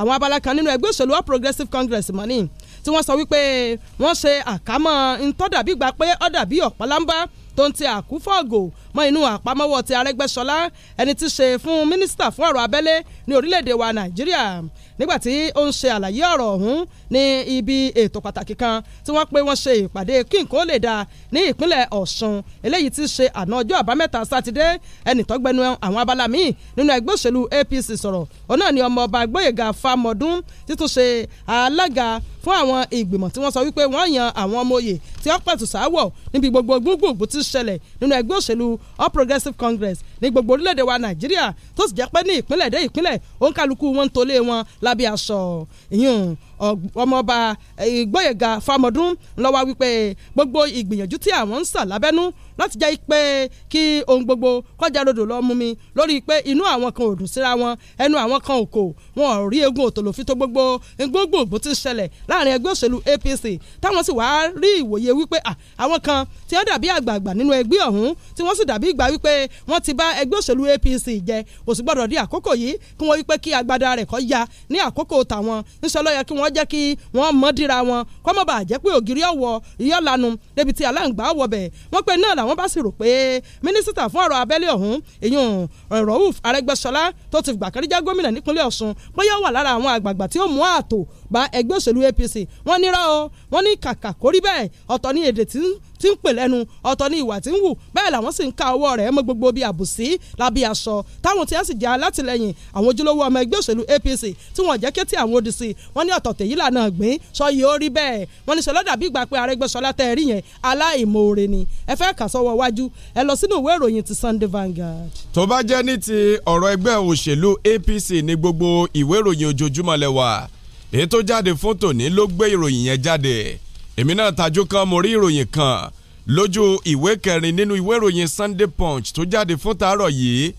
àwọn abala kan nínú ẹgbẹ́ òṣèlú All Progressives Congress mọ́ni tí wọ́n sọ wípé wọ́n ṣe àkámọ́ ntọ́dàbí gbà pé ọ̀dàbí ọ̀pọ̀lánbá tó ń tẹ àkúfọ̀gò mọ́ inú àpamọ́wọ́ ti Arẹ́gbẹ́ṣọlá ẹni tí ṣe fún mínísítà fún ọ̀rọ̀ abẹ́lé ní orílẹ̀-èdè wa Nàìjíríà nígbàtí ó ń ṣe àlàyé ọ̀rọ̀ ọ̀hún ní ibi ètò pàtàkì kan tí wọ́n pé wọ́n ṣe ìpàdé kí nǹkan ó lè dáa ní ìpínlẹ̀ Ọ̀ṣun eléyìí ti ṣe àná ọjọ́ àbámẹ́ta sátidé ẹnì tó àwọn abala míì nínú ẹgbẹ́ òṣèlú APC sọ̀rọ̀ òun náà ni ọmọọba Gbóyèga Fámọdún títún ṣe alága fún àwọn ìgbìmọ̀ tí wọ́n sọ wípé wọ́n yan àwọn ọmọ òye tí ó pẹ̀tù sáwọ̀ níbi gbogbo gbogbogbò tí ń ṣẹlẹ̀ nínú ẹgbẹ́ òṣèlú All Progressives Congress ní gbogbo orílẹ̀-èdè wa Nàìjíríà tó sì jẹ́ pé ní ìpínlẹ̀ dé ìpínlẹ̀ òǹkàlùkù wọn ń tolé wọn lábẹ́ aṣọ ìyún ọmọọba eh, ìgbóyèga fámọdún lọ́wọ́ wípé gbogbo ìgbìyànjú tí àwọn ń sà lábẹ́nú láti jẹ́ pé kí ohun gbogbo kọjá rodò lọ́ọ́ mú mi lórí pé inú àwọn kan ò dùn síra wọn ẹnu àwọn kan ò kò wọn ò rí egun òtòlófin tó gbogbo gbogbo ògbó ti ṣẹlẹ̀ láàrin ẹgbẹ́ òṣèlú APC táwọn sì wáá rí ìwòye wípé àwọn kan tí wọ́n dàbí àgbààgbà nínú ẹgbẹ́ ọ̀hún tí wọ́n sì dàbí ìgbà wípé wọ́n ti bá ẹgbẹ́ òṣèlú APC jẹ kò sì gbọ́dọ̀ di àkókò yìí kí wọ́n jẹ́ kí wọ́n mọ́ dira wọn kọ́mọ́ bàá jẹ́ pé ògiri ọ̀wọ́ iyọ̀ lanu débi tí aláǹgbá wọ̀ bẹ̀ wọ́n pe náà làwọn bá sì rò pé mínísítà fún ọ̀rọ̀ abẹ́lé ọ̀hún èyàn eh, Rauf Arẹ́gbẹ́ṣọlá tó ti gbàkárí jẹ́ gómìnà nípínlẹ̀ Ọ̀ṣun bóyá wà lára àwọn àgbààgbà tí ó mú ààtò bá ẹgbẹ́ òṣèlú APC wọ́n nírọ́ o wọ́n ní kàkà kó rí bẹ́ẹ̀ ọ̀tọ̀ ní èdè tí ń tí ń pè lẹ́nu ọ̀tọ̀ ní ìwà tí ń wù bẹ́ẹ̀ làwọn sì ń ka ọwọ́ rẹ̀ mọ́ gbogbo bíi àbùsí lábí aṣọ táwọn tí wọ́n sì jẹ́ alátìlẹyìn àwọn ojúlówó ọmọ ẹgbẹ́ òṣèlú APC tí wọ́n jẹ́ kétí àwọn odi sí wọ́n ní ọ̀tọ̀ tèyí lànà gbìn sọ yìí ó rí bẹ́ẹ̀ wọ́n ní sọlọ́dà bí gbà pé Arẹ́gbẹ́ṣọlá tẹ́ ẹ rí yẹn aláìmoore ni ẹ fẹ́ kà sọ́wọ́ wájú ẹ lọ sínú ìwé ìròyìn ti Sunday Vanguard. tó bá jẹ́ ní ti ọ̀rọ̀ ẹgbẹ́ òṣèlú APC ni gbogbo ìwé ìròyìn ojoojúmọ́ lẹ́wà èyí tó jáde fún tòní ló gbé ìròyìn yẹn jáde èmi náà tajú kan mo rí ìròyìn kan lójú ìwé kẹrin nínú ìwé ìròyìn Sunday Punch tó jáde fún tàárọ̀ yìí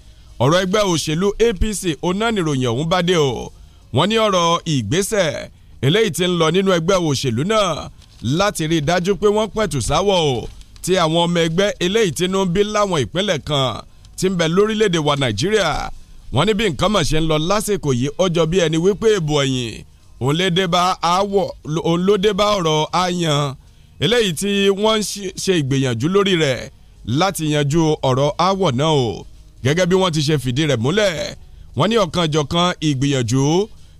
ọ̀rọ̀ ẹgbẹ́ òṣèlú APC onánìròyìn ọ̀hún bá dé o wọ́n ní ọ̀rọ̀ ìgbésẹ̀ eléyìí tí ń lọ nínú ẹgbẹ́ òṣèlú náà láti rí i dájú pé wọ́n pẹ̀tù sáwọ̀ o tí àwọn ọmọ ẹgbẹ́ eléyìí tí bí láwọn ìpínlẹ̀ kan tí ń bẹ lórílẹ̀ wa Nàìjíríà wọ́n ní bí nǹkan mọ̀ ṣe ń lọ lásìkò yìí ọjọ́ bí ẹni wípé èbò ẹ̀yìn òun ló dé bá àwọ̀ òun ló dé bá ọ̀rọ̀ àyàn eléyìí tí wọ́n ń ṣe ìgbìyànjú lórí rẹ̀ láti yanjú ọ̀rọ̀ àwọ̀ náà o gẹ́gẹ́ bí wọ́n ti ṣe fìdí rẹ̀ múlẹ̀ wọ́n ní ọ̀kanjọ̀kan ìgbìyànjú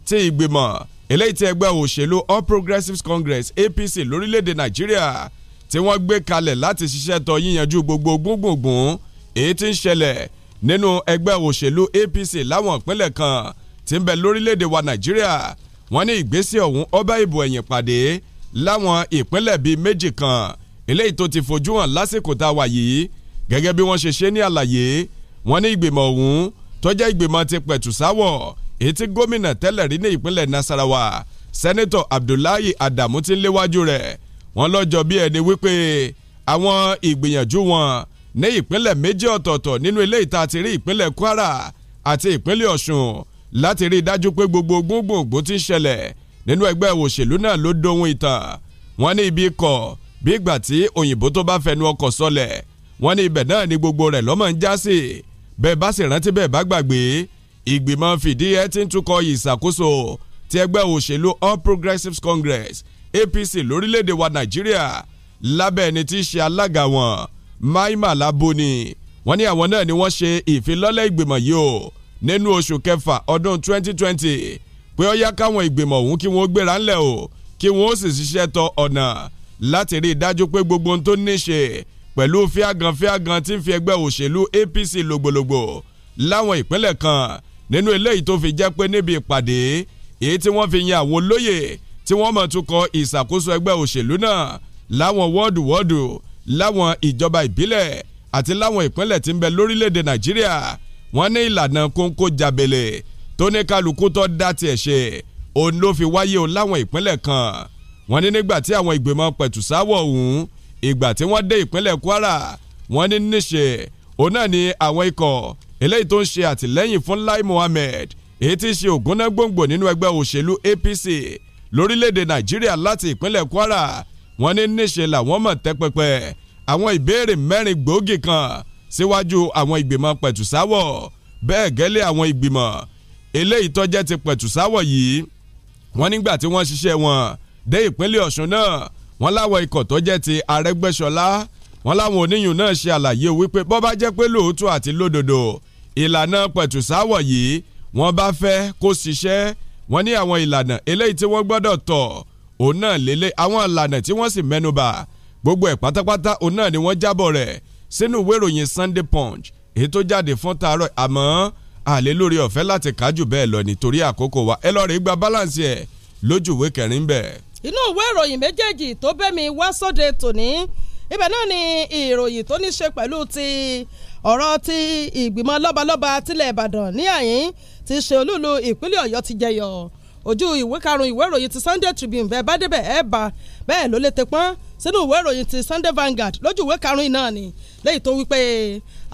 tí ìgbìmọ̀ eléyìí tí ẹgbẹ́ òṣèlú All Progressives Congress APC lórílẹ̀‐èdè Nàìjíríà tí wọ́n gbé kalẹ̀ láti ṣiṣẹ́ tọ yíyanjú gbogbo gbùngbùngbùn èyí tí ń ṣẹlẹ̀ nínú ẹgbẹ́ òṣèlú APC láwọn ìpínlẹ̀ kan tí ń bẹ lórílẹ̀‐èdè wa Nàìjíríà wọ́n ní ìgbésẹ̀ ọ̀hún ọba ìbò ẹ̀yìn pàdé láwọn ìpínlẹ̀ bíi méjì kan eléyìí tó ti fojú hàn lásìkò tá a wà yìí gẹ́gẹ́ bí wọ́n ṣe ṣe ní àlàyé wọ́n ní ìgbìmọ̀ ọ̀hún tó jẹ́ ti pẹ̀tù sáwọ̀ èyí tí gómìnà tẹ́lẹ̀ rí ní ìpínlẹ̀ Nasarawa sẹ́nẹ́tọ̀ Abdullahi Adamu ti ń léwájú rẹ̀ wọ́n lọ́jọ́ bí ẹni wípé àwọn ìgbìyànjú wọn ní ìpínlẹ̀ méjì ọ̀tọ̀ọ̀tọ̀ nínú eléyìí tá a ti rí ìpínlẹ̀ Kwara àti ìpínlẹ̀ Ọ̀ṣun láti rí i dájú pé gbogbo gbogbogbò ti ṣẹlẹ̀ nínú ẹgbẹ́ òṣèlú náà ló dohun ìtàn wọ́n ní ibi kọ̀ bí ìgbà tí òyìnbó tó bá fẹnu ọkọ̀ sọlẹ̀ wọ́n ní ibẹ̀ náà ni gbogbo rẹ̀ lọ́mọ ń já sí bẹ́ẹ̀ bá sì rántí bẹ́ẹ̀ bá gbàgbé ìgbìmọ̀ fìdí ẹ ti ń túkọ̀ ìṣàkóso ti ẹgbẹ́ òṣèlú All Progressives Congress APC lórílẹ̀‐èdè wa Nàìjíríà lábẹ́ ẹni tí í ṣe alága wọn Maimala Boni wọ́n ní àwọn náà ni wọ́n ṣe ìfilọ́lẹ̀ ìgbìmọ̀ yìí o nínú oṣù kẹfà ọdún 2020 pé ó yá káwọn ìgbìmọ̀ ọ̀hún kí wọ́n gbéra ńlẹ̀ o kí wọ́n sì ṣiṣẹ́ tọ ọ̀nà láti rí i dájú pé gbogbo ohun tó ní ṣe pẹ̀lú fíàgàn tí ń fi ẹgbẹ́ òṣèlú APC lògbòlògbò láwọn ìpínlẹ̀ kan nínú eléyìí tó fi jẹ́ pé níbi ìpàdé èyí tí wọ́n fi yan àwọn olóyè tí wọ́n mọ̀ tún kọ ìṣàkóso ẹgbẹ́ òṣèlú náà láwọn wọ́ọ̀dù wọ́ọ̀dù láwọn ìjọba ìbílẹ̀ àti láwọn ìpínlẹ̀ tí ń bẹ lórílẹ̀‐èdè Nàìjíríà wọ́n ní ìlànà kóńkó jàbẹ̀lẹ̀ tó ní kálukú tó dá tiẹ̀ ṣe òun ló fi wáyé o láwọn ìpínlẹ̀ kan wọ́n ní nígbà tí àwọn ìgbìmọ̀ pẹ̀tùsáwọ̀ ọ̀hún ìgbà tí wọ́n dé ìpínlẹ̀ Kwara wọ́n ní níṣe òun náà ni àwọn ikọ̀ eléyìí tó ń ṣe àtìlẹ́yìn fún Lai Mohammed èyí tí í ṣe ògúnná gbòǹgbò nínú ẹgbẹ́ òṣèlú APC lórílẹ̀‐èdè Nàìjíríà láti ìpínlẹ̀ Kwara wọ́n ní níṣe làwọn mọ̀ tẹ́pẹpẹ àwọn ìbéèrè mẹ́rin gbòógì kan síwájú àwọn ìgbìmọ̀ pẹ̀tùsáwọ̀ bẹ́ẹ̀ gẹ́lẹ́ àwọn ìgbìmọ̀ eléyìí tọ́jẹ́ ti pẹ̀tùsáwọ̀ yìí wọ́n nígbà tí wọ́n ṣiṣẹ́ wọn dé ìpínlẹ̀ Ọ̀ṣun náà wọ́n láwọn ikọ̀ tọ́jẹ́ ti Arẹ́gbẹ́ṣọlá wọ́n láwọn oníyùn náà ṣe àlàyé wípé bọ́ bá jẹ́ pé lóòótọ́ àti lódodo ìlànà pẹ̀tùsáwọ̀ yìí wọ́n bá fẹ́ kó ṣiṣẹ́ wọ́n ní àwọn ìlànà eléyìí tí wọ́n gbọ́dọ̀ tọ̀ òun náà lélẹ̀ àwọn ìlànà tí wọ́n sì mẹ́nubà gbogbo ẹ̀ pátápátá òun náà ni wọ́n jábọ̀ rẹ̀ sínú ìwé ìròyìn Sunday Punch èyí tó jáde fún taarọ̀ àmọ́ àlè lórí ọ̀fẹ́ láti kájú bẹ́ẹ̀ lọ nítorí àkókò wa ẹ lọ́ọ́ rí gba balance ẹ̀ lójú ìwé kẹrin bẹ́ẹ̀. inú ìwé ìròyìn méjèèjì tó bẹ́ mi wá sóde tòní ibẹ̀ náà ni ìròyìn tó ní ṣe pẹ̀lú ti ọ̀rọ̀ ti ìgbìmọ̀ lọ́balọ́ba tilẹ̀ Ìbàdàn ní àyín ti ṣe olúlu ìpínlẹ̀ Ọ̀yọ́ ti jẹyọ ojú ìwé karùn-ún ìwé ìròyìn ti Sunday Tribune bẹ́ẹ̀ bá débẹ̀ ẹ̀ bá bẹ́ẹ̀ ló lè tẹ pọ́n sínú ìwé ìròyìn ti Sunday Vanguard lójú ìwé karùn-ún náà ni lẹ́yìn tó wípé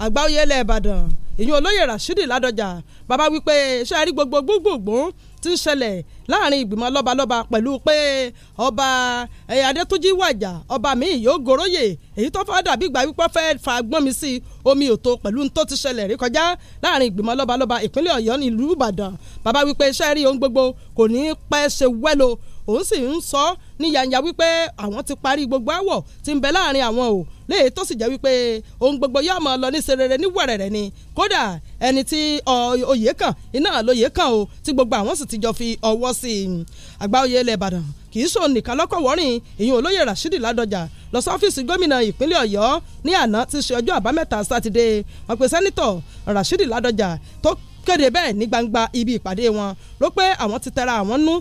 àgbáyé ilẹ̀ Ìbàdàn ìyún olóyè Rashidi Ládọjà bàbá wípé ṣe àrí gbogbo gbogbogbò ti ń ṣẹlẹ̀ láàrin ìgbìmọ̀ lọ́balọ́ba pẹ̀lú pé ọba adétúnjì wàjà ọba mi yóò goróyè èyí tó fẹ́ dàbí ìgbà wípé fẹ́ fa gbọ́n mi sí omi òtó pẹ̀lú tó ti ṣẹlẹ̀ rí kọjá láàrin ìgbìmọ̀ lọ́balọ́ba ìpínlẹ̀ ọ̀yọ́ ní ìlú ìbàdàn bàbá wípé iṣẹ́ rí ohun gbogbo kò ní pẹ́ ṣe wẹ́lo òun sì ń sọ ní yànyà wípé àwọn ti parí gbogbo àwọ̀ tí ń bẹ láàrin àwọn o léyìí tó sì jẹ́ wípé ohun gbogbo yóò máa lọ ní serere ní wẹ̀rẹ̀rẹ̀ ni kódà ẹni tí oyè kàn iná lóye kàn o tí gbogbo àwọn sì ti jọ fi ọwọ́ sí i àgbà oyè ilẹ̀ Ìbàdàn kì í sọ nìkan lọ́kọ̀ wọ́rìn ìyún olóyè Rashidi Ládọjà lọ sí ọ́fíìsì gómìnà ìpínlẹ̀ Ọ̀yọ́ ní àná ti ṣe ọjọ́ àbámẹ́ta sátidé wọn pe sẹ́nitọ̀ Rashidi Ládọjà tó kéde bẹ́ẹ̀ ní gbangba ibi ìpàdé wọn ló pé àwọn ti tẹra àwọn nú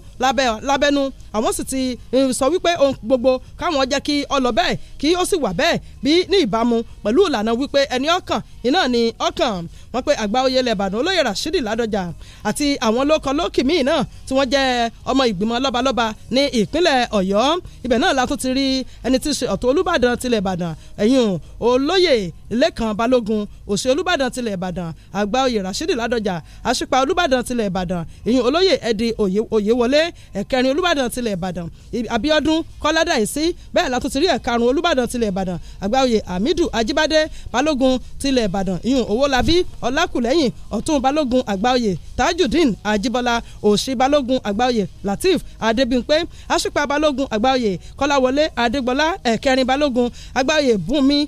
lábẹ́nu àwọn sì ti eh, sọ wípé ohun gbogbo káwọn jẹ́ kí ó lọ bẹ́ẹ̀ kí ó sì wà bẹ́ẹ̀ bí ní ìbámu pẹ̀lú ìlànà wípé ẹni ọkàn iná ni ọkàn wọ́n pé àgbà oyè lẹ́bàdàn olóyè Rashidi Ládọjà àti àwọn lóko lókì míì náà tí wọ́n jẹ́ ọmọ ìgbìmọ̀ lọ́balọ́ba ní ìpínlẹ̀ Ọ̀yọ́ ibẹ̀ náà la tún ti rí ẹni tí í ṣe ọ̀tún Olúbàdàn tilẹ̀ Ìbàdàn ẹ̀yìn olóyè Lẹ́kàn Balógun òsì Olúbàdàn tilẹ̀ Ìbàdàn àgbà oyè Rashidi Ládọjà àṣìpa Olúbàdàn tilẹ̀ Ìbàdàn ẹ̀yìn olóyè Ẹ̀dì Òyèwọlé ẹ̀kẹrin Olúbàdàn t tilẹ̀ ìbàdàn abiodun kọ́ládà ìsí bẹ́ẹ̀ látún ti rí ẹ̀karùn olùbàdàn tilẹ̀ ìbàdàn àgbáyé hamidu ajibade balógun tilẹ̀ ìbàdàn iyun owólabí ọlákùlẹ́yìn ọ̀tún balógun àgbáyé tajudeen ajibola òsì balógun àgbáyé lateef adébímpé asípa balógun àgbáyé kọ́láwọlé adégbọlá ẹ̀kẹrin balógun àgbáyé bùnmi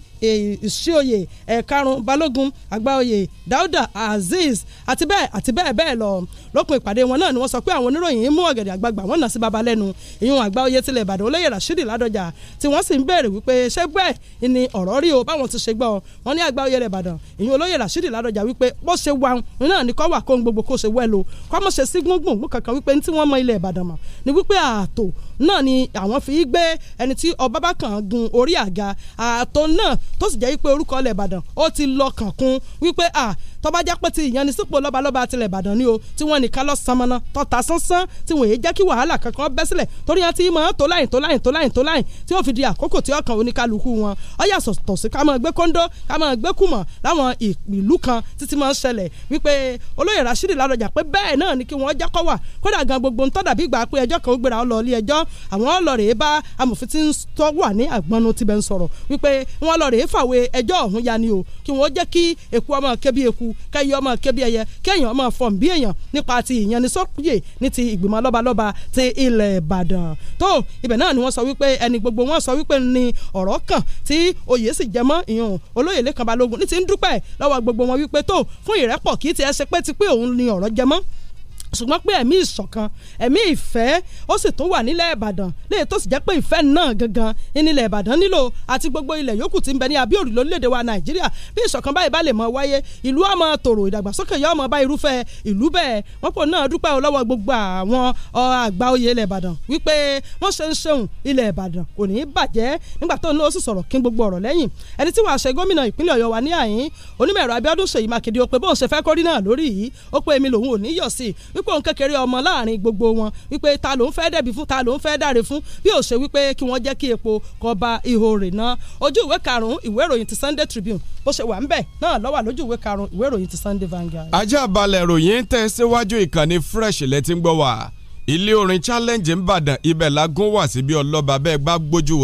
ìṣíòye ẹ̀karùn balógun àgbáyé dáúdà azeez àti bẹ́ẹ̀ àti bẹ́ẹ̀ bẹ́ẹ̀ lọ lópin ìpàdé wọn náà ni wọ́n sọ pé àwọn oníròyìn mú ọ̀gẹ̀dẹ̀ àgbààgbà wọn náà sí babalẹ́nu lẹ́nu ìyún àgbà oyè tilẹ̀ ìbàdàn olóyè rashidi ládọjà tí wọ́n sì ń béèrè wípé ṣé bẹ́ẹ̀ ni ọ̀rọ̀ rí o báwọn ti ṣe gbọ́ ọ wọ́n ní àgbà oyè rẹ̀ ìbàdàn ìyún olóyè rashidi ládọjà wípé bó ṣe wà náà ni kọ́ wà kó ń gbogbo kó ṣe wẹ́ lo kọ́ mọ̀ ṣe sí gbóngbòngbò kankan wípé ní tí wọ́n mọ ilẹ̀ ìbàdàn mọ̀ ni wípé ààtò náà ni àwọn fi gbé ẹni tí ọba bá kàn gun orí àga ààtò náà tó sì jẹ́ wípé orúkọ ilẹ̀ ìbàdàn ó ti lọ kàn kún wípé à tó bá jẹ́ pé ti ìyanisípò lọ́balọ́ba tilẹ̀ Ìbàdàn ni o tí wọ́n nìkan lọ san mọ́ná tọ́ta sánsán tí wọ́n yé jẹ́ kí wàhálà kankan bẹ́ sílẹ̀ torí wọn ti mọ̀ tó láyìn tó láyìn tó láyìn tó láyìn tí ó fi di àkókò tí ọkàn oníkálukú wọn ó yà sọ̀tọ̀ sí ká máa gbé kóńdó ká máa gbé kùmọ̀ láwọn ìlú kan títí máa ń ṣẹlẹ̀ wípé olóyè Rashidi Ládọjà pé bẹ́ẹ̀ náà ni kí wọ́n jẹ́ kọ́ wà kódà gan gbogbo ń bí gbà pé ẹjọ́ kan ó gbéra lọ ilé ẹjọ́ àwọn ọlọ́rẹ̀ bá amòfin tí ń tọ́ wà ní àgbọnú tibẹ̀ ń sọ̀rọ̀ wípé wọ́n lọ́rẹ̀ fàwé ẹjọ́ ọ̀hún ya ni o kí wọ́n jẹ́ kí èkú ọmọ kébí èkú kẹ́yẹ ọmọ kébí ẹyẹ kéèyàn ọmọ fọ̀n bí èèyàn nípa ti ìyanisọ́kùyè ní ti ìgbìmọ̀ lọ́balọ́ba ti ilẹ̀ Ìbàdàn tó ibẹ̀ náà ni wọ́n sọ wípé ẹni gbogbo wọ́n sọ wípé ni ọ̀rọ̀ kan tí oyè sì jẹ mọ́ ìyún olóyè Lékan Balógun ní ti ń dúpẹ́ lọ́wọ́ gbogbo wọn wípé tó fún ìrẹ́pọ̀ kì ti ẹ ṣe pé ti pé òun ni ọ̀rọ̀ jẹ mọ́ ṣùgbọ́n pé ẹ̀mí ìṣọ̀kan ẹ̀mí ìfẹ́ ó sì tún wà nílẹ̀ ìbàdàn léyìí tó sì jẹ́ pé ìfẹ́ náà gangan ìnílẹ̀ ìbàdàn nílò àti gbogbo ilẹ̀ yòókù tí ń bẹ ní abíòrì lórílẹ̀‐èdè wa nàìjíríà bí ìṣọ̀kan báyìí bá lè mọ wáyé ìlú àmọ́ tòrò ìdàgbàsókè yóò mọ bá irúfẹ́ ìlú bẹ́ẹ̀ wọ́n pò náà dúpẹ́ ọlọ́wọ́ gbogbo àwọn àgbà oyè ilẹ̀ ìbàdàn wípé wọ́n ṣe ń ṣeun ilẹ̀ ìbàdàn kò ní í bàjẹ́ nígbà tó ń lọ sí sọ̀rọ̀ kí gbogbo ọ̀rọ̀ lẹ́yìn ẹni tí wàá ṣe gómìnà ìpínlẹ̀ ọ̀yọ́ wa ní àyín onímọ̀ ẹ̀rọ abiodun ṣèyí wípé òun kékeré ọmọ láàrin gbogbo wọn wípé ta ló ń fẹ́ dẹ̀bi fún ta ló ń fẹ́ dáre fún bí ó ṣe wípé kí wọ́n jẹ́ kí epo kó ba ihò rẹ̀ náà ojú ìwé karùn-ún ìwé ti Sunday Tribune bó ṣe náà lójú ìwé karùn-ún ti Sunday ajá balẹ̀ tẹ́ síwájú ìkànnì fresh ń ilé orin challenge ibẹ̀ wà síbi ọlọ́ba bẹ́ẹ̀ gbá gbójú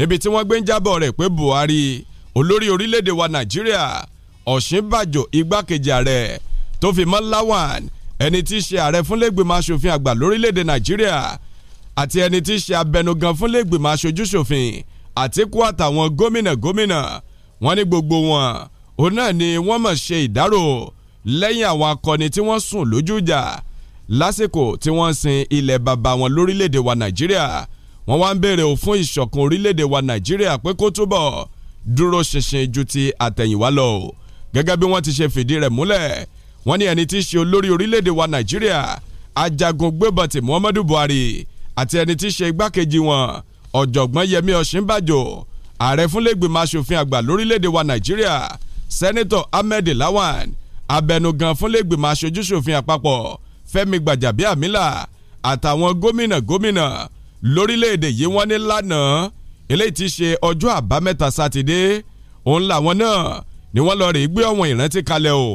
níbi tí wọ́n gbé ń jábọ̀ rẹ̀ pé Buhari olórí orílẹ̀-èdè wa Nàìjíríà Ọ̀ṣínbàjò igbákejì ààrẹ tó fi mọ́ Lawan ẹni tí í ṣe ààrẹ fúnlẹ́gbìmọ̀ aṣòfin àgbà lórílẹ̀-èdè Nàìjíríà àti ẹni tí í ṣe abẹnugan fúnlẹ́gbìmọ̀ aṣojúṣòfin Àtíkú àtàwọn gómìnà gómìnà wọ́n ní gbogbo wọn òun náà ni wọ́n mọ̀ ṣe ìdárò lẹ́yìn àwọn akọni tí wọ́n sùn lójú ìjà lásìkò tí wọ́n sin ilẹ̀ baba wọn lórílẹ̀‐èdè wa Nàìjíríà wọ́n wá ń béèrè ò fún ìṣọ̀kan orílẹ̀-èdè wa nàìjíríà pé kó túbọ̀ dúró ṣinṣin ju ti àtẹ̀yìnwá lọ o gẹ́gẹ́ bí wọ́n ti ṣe fìdí rẹ̀ múlẹ̀ wọ́n ní ẹni tí í ṣe olórí orílẹ̀-èdè wa nàìjíríà ajagun gbébọn ti muhammadu buhari àti ẹni tí í ṣe igbákejì wọn ọ̀jọ̀gbọ́n yẹmi ọ̀ṣínbàjò ààrẹ fúnlẹ́gbìmọ̀ asòfin àgbà lórílẹ̀-èdè wa nàìjíríà sẹ́nitọ̀ ahmed lawan abẹnugan fúnlẹ́gbìmọ̀ aṣojúṣòfin àpapọ̀ fẹ́mi gbàjàbíàmílà àtàwọn gómìnà gómìnà lórílẹ̀‐èdè yìí wọ́n ní lánàá eléyìí ti ṣe ọjọ́ àbámẹ́ta sátidé òun làwọn náà ni wọ́n lọ rè gbé ọ̀wọ̀n ìrántí kalẹ̀ o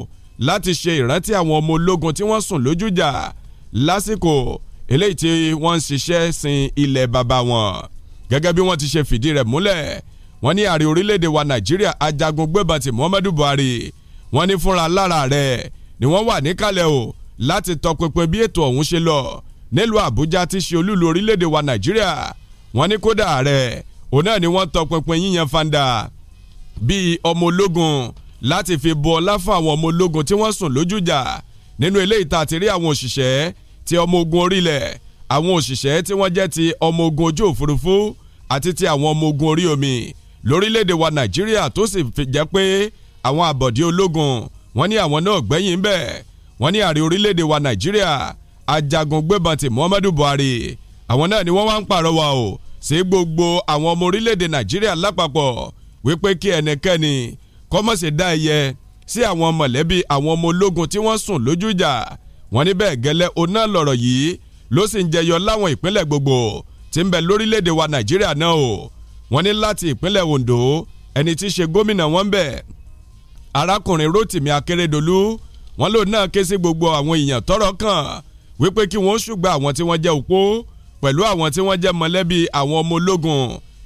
láti ṣe ìrántí àwọn ọmọ ológun tí wọ́n sùn lójújà lásìkò eléyìí tí wọ́n ń ṣiṣẹ́ sin ilẹ̀ bàbá wọn gẹ́gẹ́ bí wọ́n ti ṣe fìdí rẹ̀ múlẹ̀ wọ́n ní ààrẹ orílẹ̀-èdè wa nàìjíríà ajagun gbébọn ti muhammadu buhari wọ́n ní fúnra lára rẹ̀ ni wọ́n wà níkàlẹ̀ o láti tọpinpin bí ètò ọ̀hún ṣe lọ nílùú àbújá ti ṣe olúlu orílẹ̀-èdè wa nàìjíríà wọ́n ní kódà ààrẹ òun náà ni wọ́n tọpinpin yíyan fanda bíi ọmọ ológun láti fi bu ọlá fún àwọn ọmọ ológun tí wọ́n sùn lójújà nínú eléyìí tá a ti rí àwọn òṣìṣẹ́ ti ọmọ ogun orílẹ̀ àwọn òṣìṣẹ́ tí wọ́n jẹ́ ti ọmọ ogun ojú òfurufú àti ti àwọn ọmọ ogun orí omi lórílẹ̀‐èdè wa nàìjíríà tó sì fi jẹ́ pé àwọn àbọ̀dé ológun wọ́n ní àwọn náà gbẹ́yìn bẹ́ẹ̀ wọ́n ní ààrẹ orílẹ̀‐èdè wa nàìjíríà ajagun gbébọn ti Muhammadu Buhari àwọn náà ni wọ́n wá ń pàrọwà o sí gbogbo àwọn ọmọ orílẹ̀-èdè Nàìjíríà lápapọ̀ wípé kí ẹnikẹ́ni kọ́mọ̀sí dá ẹyẹ sí àwọn mọ̀lẹ́bí àwọn ọmọ ológun tí wọ́n sùn lójú ìjà wọn ní bẹ́ẹ̀ gẹ́lẹ́ oná lọ̀rọ̀ yìí ló sì ń jẹyọ láwọn ìpínlẹ̀ gbogbo tí ń bẹ lórílẹ̀‐èdè wa Nàìjíríà náà o wọn ní láti ìpínlẹ̀ Ondo ẹni tí í ṣe gómìnà wọn bẹ̀ arákùnrin Rotimi Akeredolu wọn lòun náà ké sí gbogbo àwọn èèyàn tọ́rọ̀ kàn wípé kí wọ́n ṣùgbọ́n àwọn tí wọ́n jẹ́ òpó pẹ̀lú àwọn tí wọ́n jẹ́ mọ̀lẹ́bí àwọn ọmọ ológun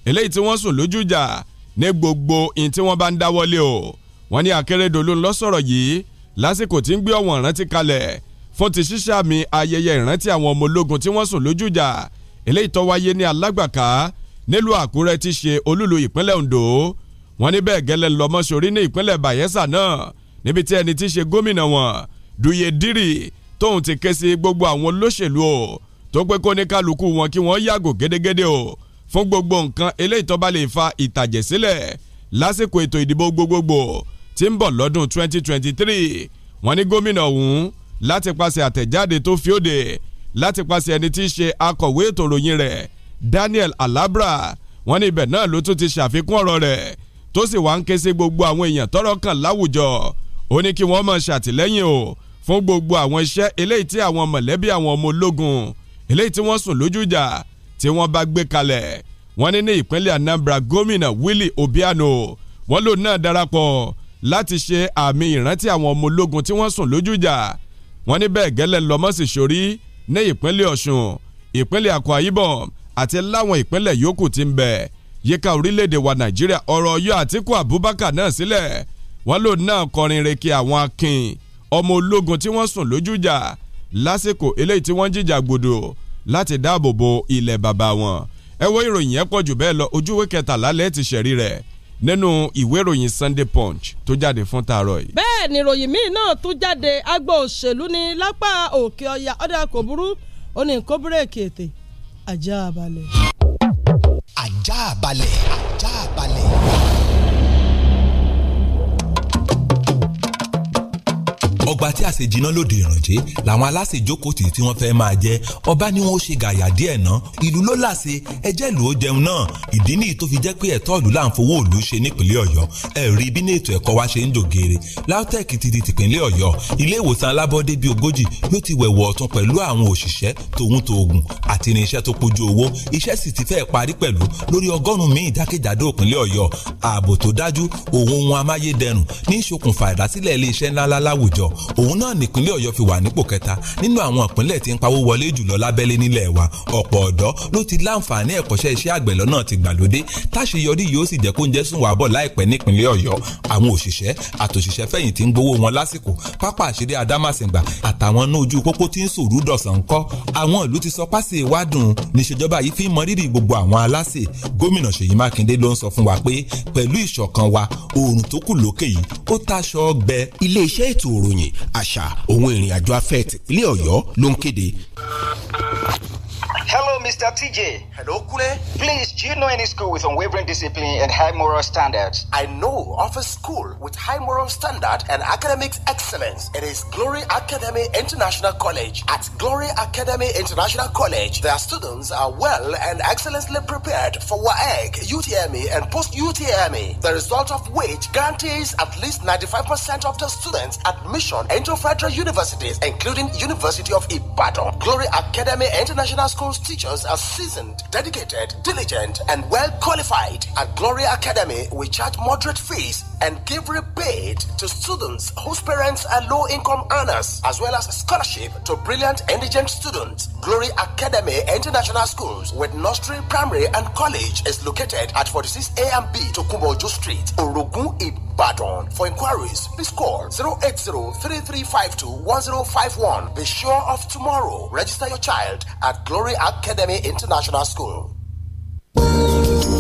eléyìí tí wọ́n sùn lójú jà ní gbogbo in tí wọ́n bá ń dáwọ́lé o wọ́n ní Akérédolú ń lọ sọ̀rọ̀ yìí lásìkò tí ń gbé ọ̀wọ̀n ìrántí kalẹ̀ fún ti ṣíṣàmì ayẹyẹ ìrántí àwọn ọmọ ológun tí wọ́n sùn lójú jà eléyìí tó wáyé ní Alágbàká nílùú Àkúrẹ́ ti ṣe olúlu ìpínlẹ̀ Ondo wọ́n ní bẹ́ẹ̀ gẹ́lẹ́ lọ́mọ́sórí ní ìpínlẹ̀ Bayelsa náà níbi tí ẹni tí ṣe gómìnà wọn Duye Diri tóun ti ké sí gbogbo àwọn olóṣèlú o tó pé kó ní kálukú wọn kí wọ́n yàgò gédégédé o fún gbogbo nǹkan eléyìí tó bá lè fa ìtàjẹ̀ sílẹ̀ lásìkò ètò ìdìbò gbogbogbò tí ń bọ̀ lọ́dún 2023 wọ́n ní gómìnà ọ̀hún láti pàṣẹ àtẹ̀jáde tó fi òde láti pàṣẹ ẹni tí í ṣe akọ̀wé ètò ìròyìn rẹ̀ Daniel Alabra wọ́n ní ibẹ̀ náà ló tún ti ṣàfikún ọ̀rọ̀ rẹ̀ tó sì wá ń ké sí gbogbo àwọn èèyàn tọ́rọ̀ kàn láwùjọ ó ní kí wọ́n máa ṣàtìlẹ́yìn o fún gbogbo àwọn iṣẹ́ eléyìí tí àwọn mọ̀lẹ́bí àwọn ọmọ ológun eléyìí tí wọ́n sùn lójú ìjà tí wọ́n bá gbé kalẹ̀ wọ́n ní ní ìpínlẹ̀ Anambra gómìnà Willie Obiano wọ́n lòun náà darapọ̀ láti ṣe àmì ìrántí àwọn ọmọ ológun tí wọ́n sùn lójú ìjà wọ́n ní bẹ́ẹ̀ gẹ́lẹ́ lọ́mọ́sí sórí ní ìpínlẹ̀ Ọ̀ṣun ìpínlẹ̀ Akwa Ibom àti láwọn ìpínlẹ̀ yòókù tí ń bẹ yíká orílẹ̀-èdè wa Nàìjíríà ọ̀rọ̀ Ọ̀yọ́ Àtíkù Abubakar náà sílẹ̀ wọ́n lòun náà kọrin reke àwọn akin ọmọ ológun tí wọ́n sùn lójújà lásìkò eléyìí tí wọ́n jìjà gbòdò láti dáàbò bo ilẹ̀ bàbá wọn ẹ wo ìròyìn yẹn pọ̀ jù bẹ́ẹ̀ lọ ojúwé kẹtàlá lẹ́ẹ̀ ti ṣẹ̀rí rẹ̀ nínú ìwé ìròyìn Sunday Punch tó jáde fún taarọ̀ yìí. bẹ́ẹ̀ ni ìròyìn míì náà tún jáde agbo òṣèlú ní lápá òkè ọya ọ̀dà kò burú ó ní kó búrèkì ètè ajá balẹ̀. ajá balẹ̀ ajá balẹ̀. ọgbà tí àṣẹ jiná lòdì ìrànjẹ́ làwọn aláṣẹ ìjókòó tì tí wọ́n fẹ́ máa jẹ ọba ni wọ́n ó ṣe gàyà díẹ̀ ná ìlú ló láṣẹ ẹjẹ́ ìlú ó jẹun náà ìdí nìyí tó fi jẹ́ pé ẹ̀tọ́ ìlú là ń fowó ìlú ṣe nípínlẹ̀ ọ̀yọ́ ẹ̀rí bí ní ètò ẹ̀kọ́ wa ṣe ń dògèrè LAUTECH ti di tìpínlẹ̀ ọ̀yọ́ ilé ìwòsàn alábọ́dé bíi ogójì yóò ti wẹ̀wọ̀ ọ̀tún pẹ̀lú àwọn òṣìṣẹ́ tòun tòògùn àti irinṣẹ́ tó kojú owó iṣẹ́ sì ti fẹ́ẹ̀ parí pẹ̀lú lórí ọgọ́rùn-ún míì jákèjádò ìpínlẹ̀ ọ̀yọ́ ààbò tó dájú òun ohun amáyédẹrùn ní ìṣokùnfà ìdásílẹ̀ ilé iṣẹ́ ńláńlá láwùjọ òun náà nìpínlẹ̀ ọ̀yọ́ fi wà nípò kẹta nínú àwọn ìpínlẹ̀ tí ń pawó wọlé jùlọ lábẹ́lé nílẹ̀ wa ọ̀pọ̀ ọ̀dọ́ ló ti láǹfààní ẹ̀kọ́ṣẹ́ iṣẹ́ àgbẹ̀ lọ́nà ti gbàlódé táṣeyọrí yóò sì jẹ́ kó ń jẹ́ sùn wà bọ̀ láìpẹ́ nípínlẹ̀ ọ̀yọ́ àwọn òṣìṣẹ́ àtòṣìṣẹ́ fẹ̀yìntì ń gbowó wọn lásìkò pápá àṣírí adámàsìngbà àtàwọn inú ojú pópó tí ń sòrú dọ̀sán ńkọ́ àwọn ìlú ti sọ pásì ìwádùn níṣèjọba yìí fi ń mọ rírì gbogbo àwọn aláṣẹ gómìnà Ṣèyí Mákindé ló ń sọ fún wa pé pẹ̀lú ìṣọ̀kan wa oòrùn tó kù lókè yìí ó taṣọ ọgbẹ́ iléeṣẹ́ ètò òròyìn ìròyìn àṣà òun ìrìn àjò afẹ́ tìpínlẹ̀ Ọ̀yọ́ ló ń kéde. Hello, Mr. TJ. Hello, Kule. Please, do you know any school with unwavering discipline and high moral standards? I know of a school with high moral standard and academic excellence. It is Glory Academy International College. At Glory Academy International College, their students are well and excellently prepared for WAEG, UTME, and post-UTME. The result of which guarantees at least 95% of the students admission into federal universities, including University of Ibadan. Glory Academy International School schools teachers are seasoned, dedicated, diligent, and well qualified. At Gloria Academy, we charge moderate fees and give rebate to students whose parents are low income earners, as well as scholarship to brilliant indigent students. Glory Academy International Schools with nursery, primary, and college is located at 46 A and B to Kumbojo Street, Orogun, Ibadan. For inquiries, please call 080 Be sure of tomorrow. Register your child at Glory Glory Academy International School.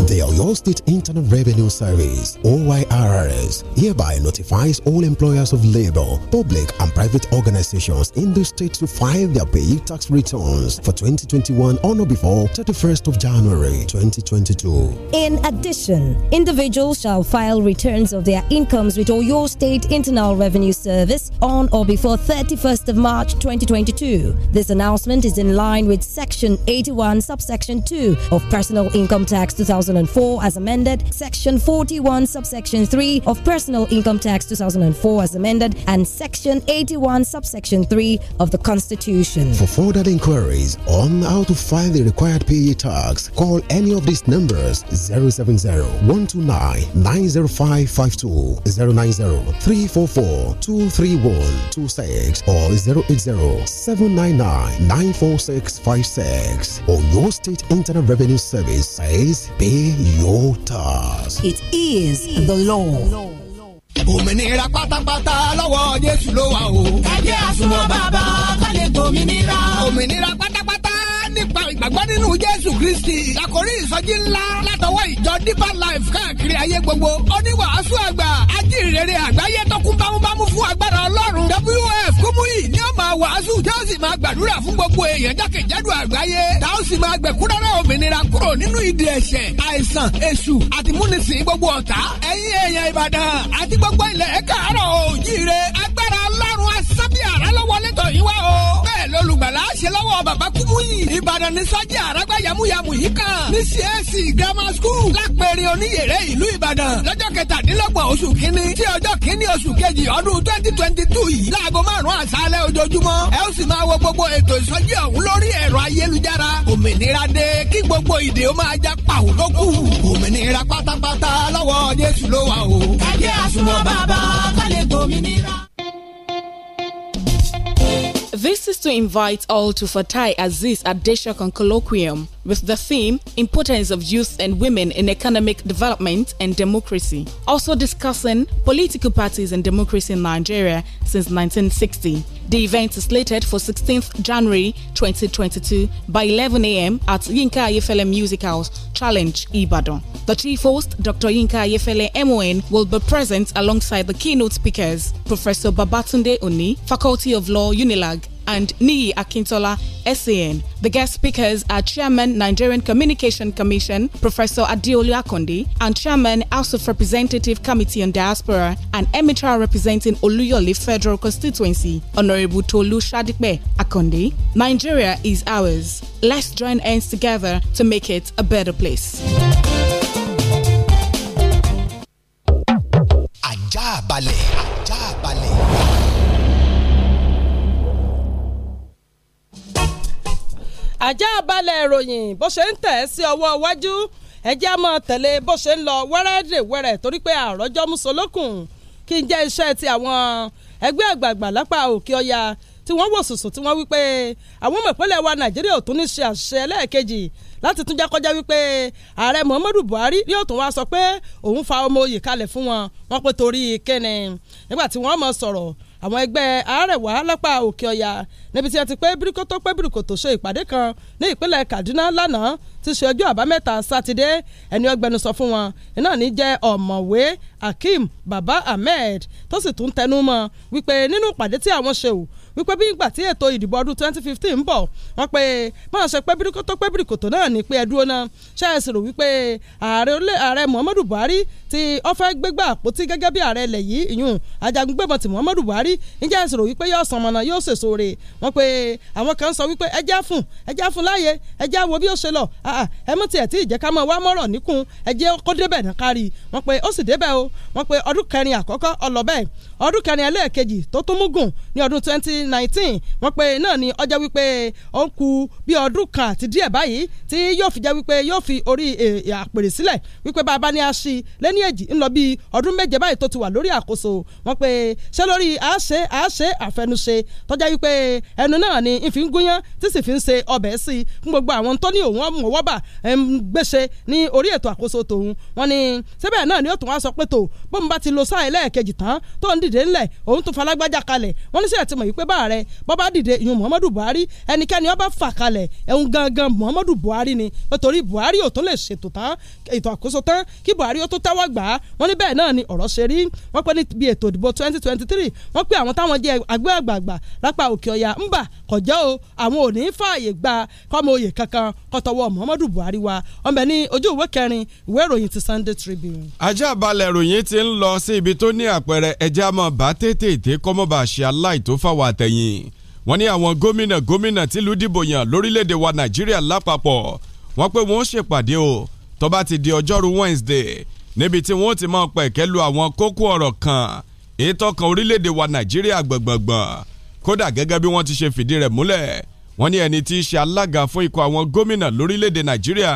The Oyo State Internal Revenue Service, OYRS, hereby notifies all employers of labor, public and private organizations in the state to file their pay tax returns for 2021 on or before 31st of January 2022. In addition, individuals shall file returns of their incomes with Oyo State Internal Revenue Service on or before 31st of March 2022. This announcement is in line with Section 81, Subsection 2 of Personal Income Tax 2000. 2004 as amended, Section 41, subsection 3 of Personal Income Tax 2004 as amended, and Section 81, subsection 3 of the Constitution. For further inquiries on how to file the required PE tax, call any of these numbers 070 129 90552, 090 344 23126, or 080 799 94656. Or your state internet revenue service says pay. your It is the law. òmìnira pátápátá lọ́wọ́ Jésù ló wà o. ẹ jẹ́ bàbá ká lè òmìnira pátápátá nípa ìgbàgbọ́ nínú Jésù Kristi. Àkòrí ìsọjí ńlá látọwọ́ ìjọ Deeper Life káàkiri ayé gbogbo. Oníwàásù àgbà ajínrere àgbáyé tó kún bámúbámú fún agbára Ọlọ́run. WF Kúmúyì ni ó máa wàásù tí ó sì máa gbàdúrà fún gbogbo èèyàn jákèjádò àgbáyé tá ó sì máa gbẹ̀kúrẹ́rẹ́ òmìnira kúrò nínú ìdè ẹ̀ṣẹ̀ àìsàn èṣù àtìmúnisìn gbogbo ọ̀tá ẹ̀yin èèyàn Ìbàdàn àti gbogbo ilẹ̀ ẹ̀ka òjíire agbára alárun asábíà alọ́wọlé tọ̀ yín wá o. bẹ́ẹ̀ lọ́lùgbàlà ṣe lọ́wọ́ bàbá kúmú yìí. ìbàdàn ní sájà àràgbà yàmúyàmú yìí kan. ní csc grammar school lápẹ̀rẹ̀ oníyèrè ìlú ìbàdàn. lọ́jọ́ kẹtàdínlọ́gbọ̀n oṣù kínní tí ọjọ́ kínní oṣù kejì gbogbo ètò ìsọjí ọ̀hún lórí ẹ̀rọ ayélujára òmìnira dé kí gbogbo ìdè ó máa já pàwọ́ tó kù òmìnira pátápátá lọ́wọ́ Jésù ló wà o. kájẹ́ àsùnwọ̀n bàbá o asunwon baba kale This is to invite all to Fatai Aziz Adeshakan Colloquium with the theme Importance of Youth and Women in Economic Development and Democracy. Also discussing political parties and democracy in Nigeria since 1960. The event is slated for 16th January 2022 by 11 a.m. at Yinka Ayefele Music House, Challenge, Ibadan. The chief host, Dr. Yinka Ayefele MON, will be present alongside the keynote speakers, Professor Babatunde Oni, Faculty of Law, Unilag, and Niyi Akintola, SAN. The guest speakers are Chairman Nigerian Communication Commission, Professor Adeolu Akonde, and Chairman House of Representative Committee on Diaspora and MHR representing Oluyole Federal Constituency, Honorable Tolu Shadikbe Akonde. Nigeria is ours. Let's join hands together to make it a better place. Ajabale, Ajabale. ajá balẹ̀ ìròyìn bó ṣe ń tẹ̀ ẹ́ sí ọwọ́ iwájú ẹjẹ́ á máa tẹ̀lé bó ṣe ń lọ wẹ́rẹ́dẹ̀wẹ́rẹ́ torí pé àròjọ musolókun kí n jẹ́ iṣẹ́ ti àwọn ẹgbẹ́ àgbààgbà lápá òkè ọya tí wọ́n wò sùsù tí wọ́n wí pé àwọn ọmọ ìpínlẹ̀ wa nàìjíríà ò tún ní ṣe àṣẹ ẹlẹ́ẹ̀kejì láti tún jákọjá wípé ààrẹ muhammadu buhari yóò tún wá sọ pé òun fa ọmọ oyè kalẹ̀ fún wọn wọn pé torí kẹ́ni nígbà tí wọ́n mọ̀ sọ̀rọ̀ àwọn ẹgbẹ́ Arẹwà lápá Òkè Ọ̀yà níbi tí a ti pé bíríkótó pé bíríkótó ṣe ìpàdé kan ní ìpínlẹ̀ Kaduna lánàá ti ṣe ọjọ́ àbámẹ́ta sátidé ẹni ọgbẹnusọ fún wọn iná ní jẹ́ ọ̀mọ̀wé Akeem Baba Ahmed tó sì tún tẹnu mọ́ wípé nínú ìpàdé tí àwọn ṣe ò wípé bí ìgbà tí ètò ìdìbò ọdún 2015 ń bọ̀ wọ́n pe máa ṣe pé bíríkótó pé bíríkótó náà ní pé ẹdúró náà ṣe é sì rò wípé ààrẹ Muhammadu Buhari tí ó fẹ́ gbégbá àpótí gẹ́gẹ́ bí ààrẹ ilẹ̀ yìí ìyún ajagun gbẹ̀mọ̀ tí Muhammadu Buhari ǹjẹ́ ẹ sì rò wípé yóò sàn mọ̀nà yóò sèso re wọ́n pe àwọn kan sọ wípé ẹjá fún ẹjá fún láàyè ẹjá wo bí ó ṣe lọ ẹ mú tiẹ̀ tí ìjẹ́ ká mọ̀ wá mọ́rọ̀ níkùn ẹjẹ́ kó débẹ̀ náà kárí wọ́n pe ó sì débẹ̀ o wọ́n pe ọdún kẹrin àkọ́kọ́ ọlọ́bẹ̀ ọdún kẹrin ẹlẹ́ẹ̀kejì tó tún mú gùn ní ọdún twenty nineteen wọ́n pe náà ni ọjọ́ wípé ó ń ku bí ọdún kan àti díẹ̀ báyìí tí yóò fi jẹ́ wípé yóò fi orí e, e, àpèrè sílẹ̀ wípé bàbá ní a ṣí lẹ́ni èjì ńlọ bí ọdún méje báyìí tó ti wà lórí àkóso wọ́n pe ṣé lórí àṣe àṣe àfẹnusẹ tọ́jà wípé ẹnu náà ni ìfi ń gúnyán tí sì fi ń ṣe ọbẹ̀ sí i fún gbogbo àwọn tó ní òun ọmọ wọ́bà gbèsè ní orí ètò àkóso tòun wọ́n ní síbẹ̀ náà ni ó tún wá sọ pé tó bóun bá ti lo sáà ẹlẹ́ẹ̀kejì tán tó ń dìde ńlẹ̀ òun tún falágbájá kalẹ̀ wọ́n ní sẹ́yà ti mọ̀ wípé ààrẹ bọ́bá dìde ìyún muhammadu buhari ẹnikẹ́ni ọba fà kalẹ̀ ẹ̀hún gangan muhammadu buhari ni nítorí buhari ò tún lè ṣètò tán ètò àkóso tán kí buhari ó tó tẹ́wọ́ gbà á wọ́n ní bẹ́ẹ̀ náà ni ọ̀rọ̀ ṣe rí wọ́n pẹ́ níbi ètò ìdìbò twenty twenty three àwọn táwọn jẹ́ àgbẹ̀ àgbààgbà lápá òkè ọ̀yà ń bà kọjá o àwọn ò ní fààyè gba kọ́mọ oyè kankan kọ́tọ́wọ́ muhammadu buhari wa ọmọ ní ojú ìwé kẹrin ìwé ìròyìn ti sunday tribune. ajá balẹ̀ ìròyìn ti ń lọ sí ibi tó ní àpẹẹrẹ ẹja mọ̀ bá tètè kọ́mọ́ bá ṣe aláìtófáwà àtẹ̀yìn wọ́n ní àwọn gómìnà gómìnà tìlú dìbò yàn lórílẹ̀‐èdè wa nàìjíríà lápapọ̀ wọ́n pé wọ́n ṣèpàdé o tó bá ti di ọjọ́rú Wednesday níbi tí wọ́n ti máa pẹ̀kẹ́ lu àwọn kókó ọ̀rọ̀ kan ìtọ́kan orílẹ̀‐èdè wa nàìjíríà gbọ̀ngbọ̀ngbọ̀n kódà gẹ́gẹ́ bí wọ́n ti ṣe fìdí rẹ̀ múlẹ̀ wọ́n ní ẹni tí í ṣe alága fún ikọ̀ àwọn gómìnà lórílẹ̀‐èdè nàìjíríà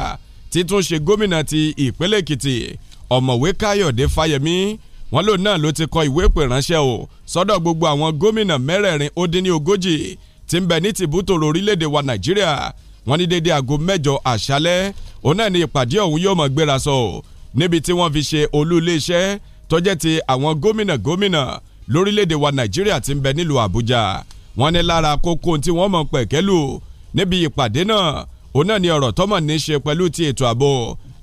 títún ṣe gómìnà ti ìpínlẹ̀ èkìtì ọ̀mọ̀wé káyọ̀dé fáyẹmí wọ́n lòun náà ló ti kọ ìwé pè ránṣẹ́ o sọ́dọ̀ gbogbo àwọn gómìnà mẹ́rẹ̀ẹ̀rin ó dín ní ogójì tí ń bẹ ní tìbútòrò orílẹ̀-èdè wa nàìjíríà wọ́n ní dédé aago mẹ́jọ àṣálẹ́ òun náà ní ìpàdé ọ̀hún yóò mọ̀ gbéra sọ o níbi tí wọ́n fi ṣe olú iléeṣẹ́ tó jẹ́ ti àwọn gómìnà gómìnà lórílẹ̀-èdè wa nàìjíríà tí ń bẹ nílùú àbújá wọ́n ní lára kókó tí wọ́n mọ̀ pẹ̀kẹ́lù níbi ìpàdé náà òun náà ní ọ̀rọ̀ tọ́mọ̀ ní ṣe pẹ̀lú ti ètò ààbò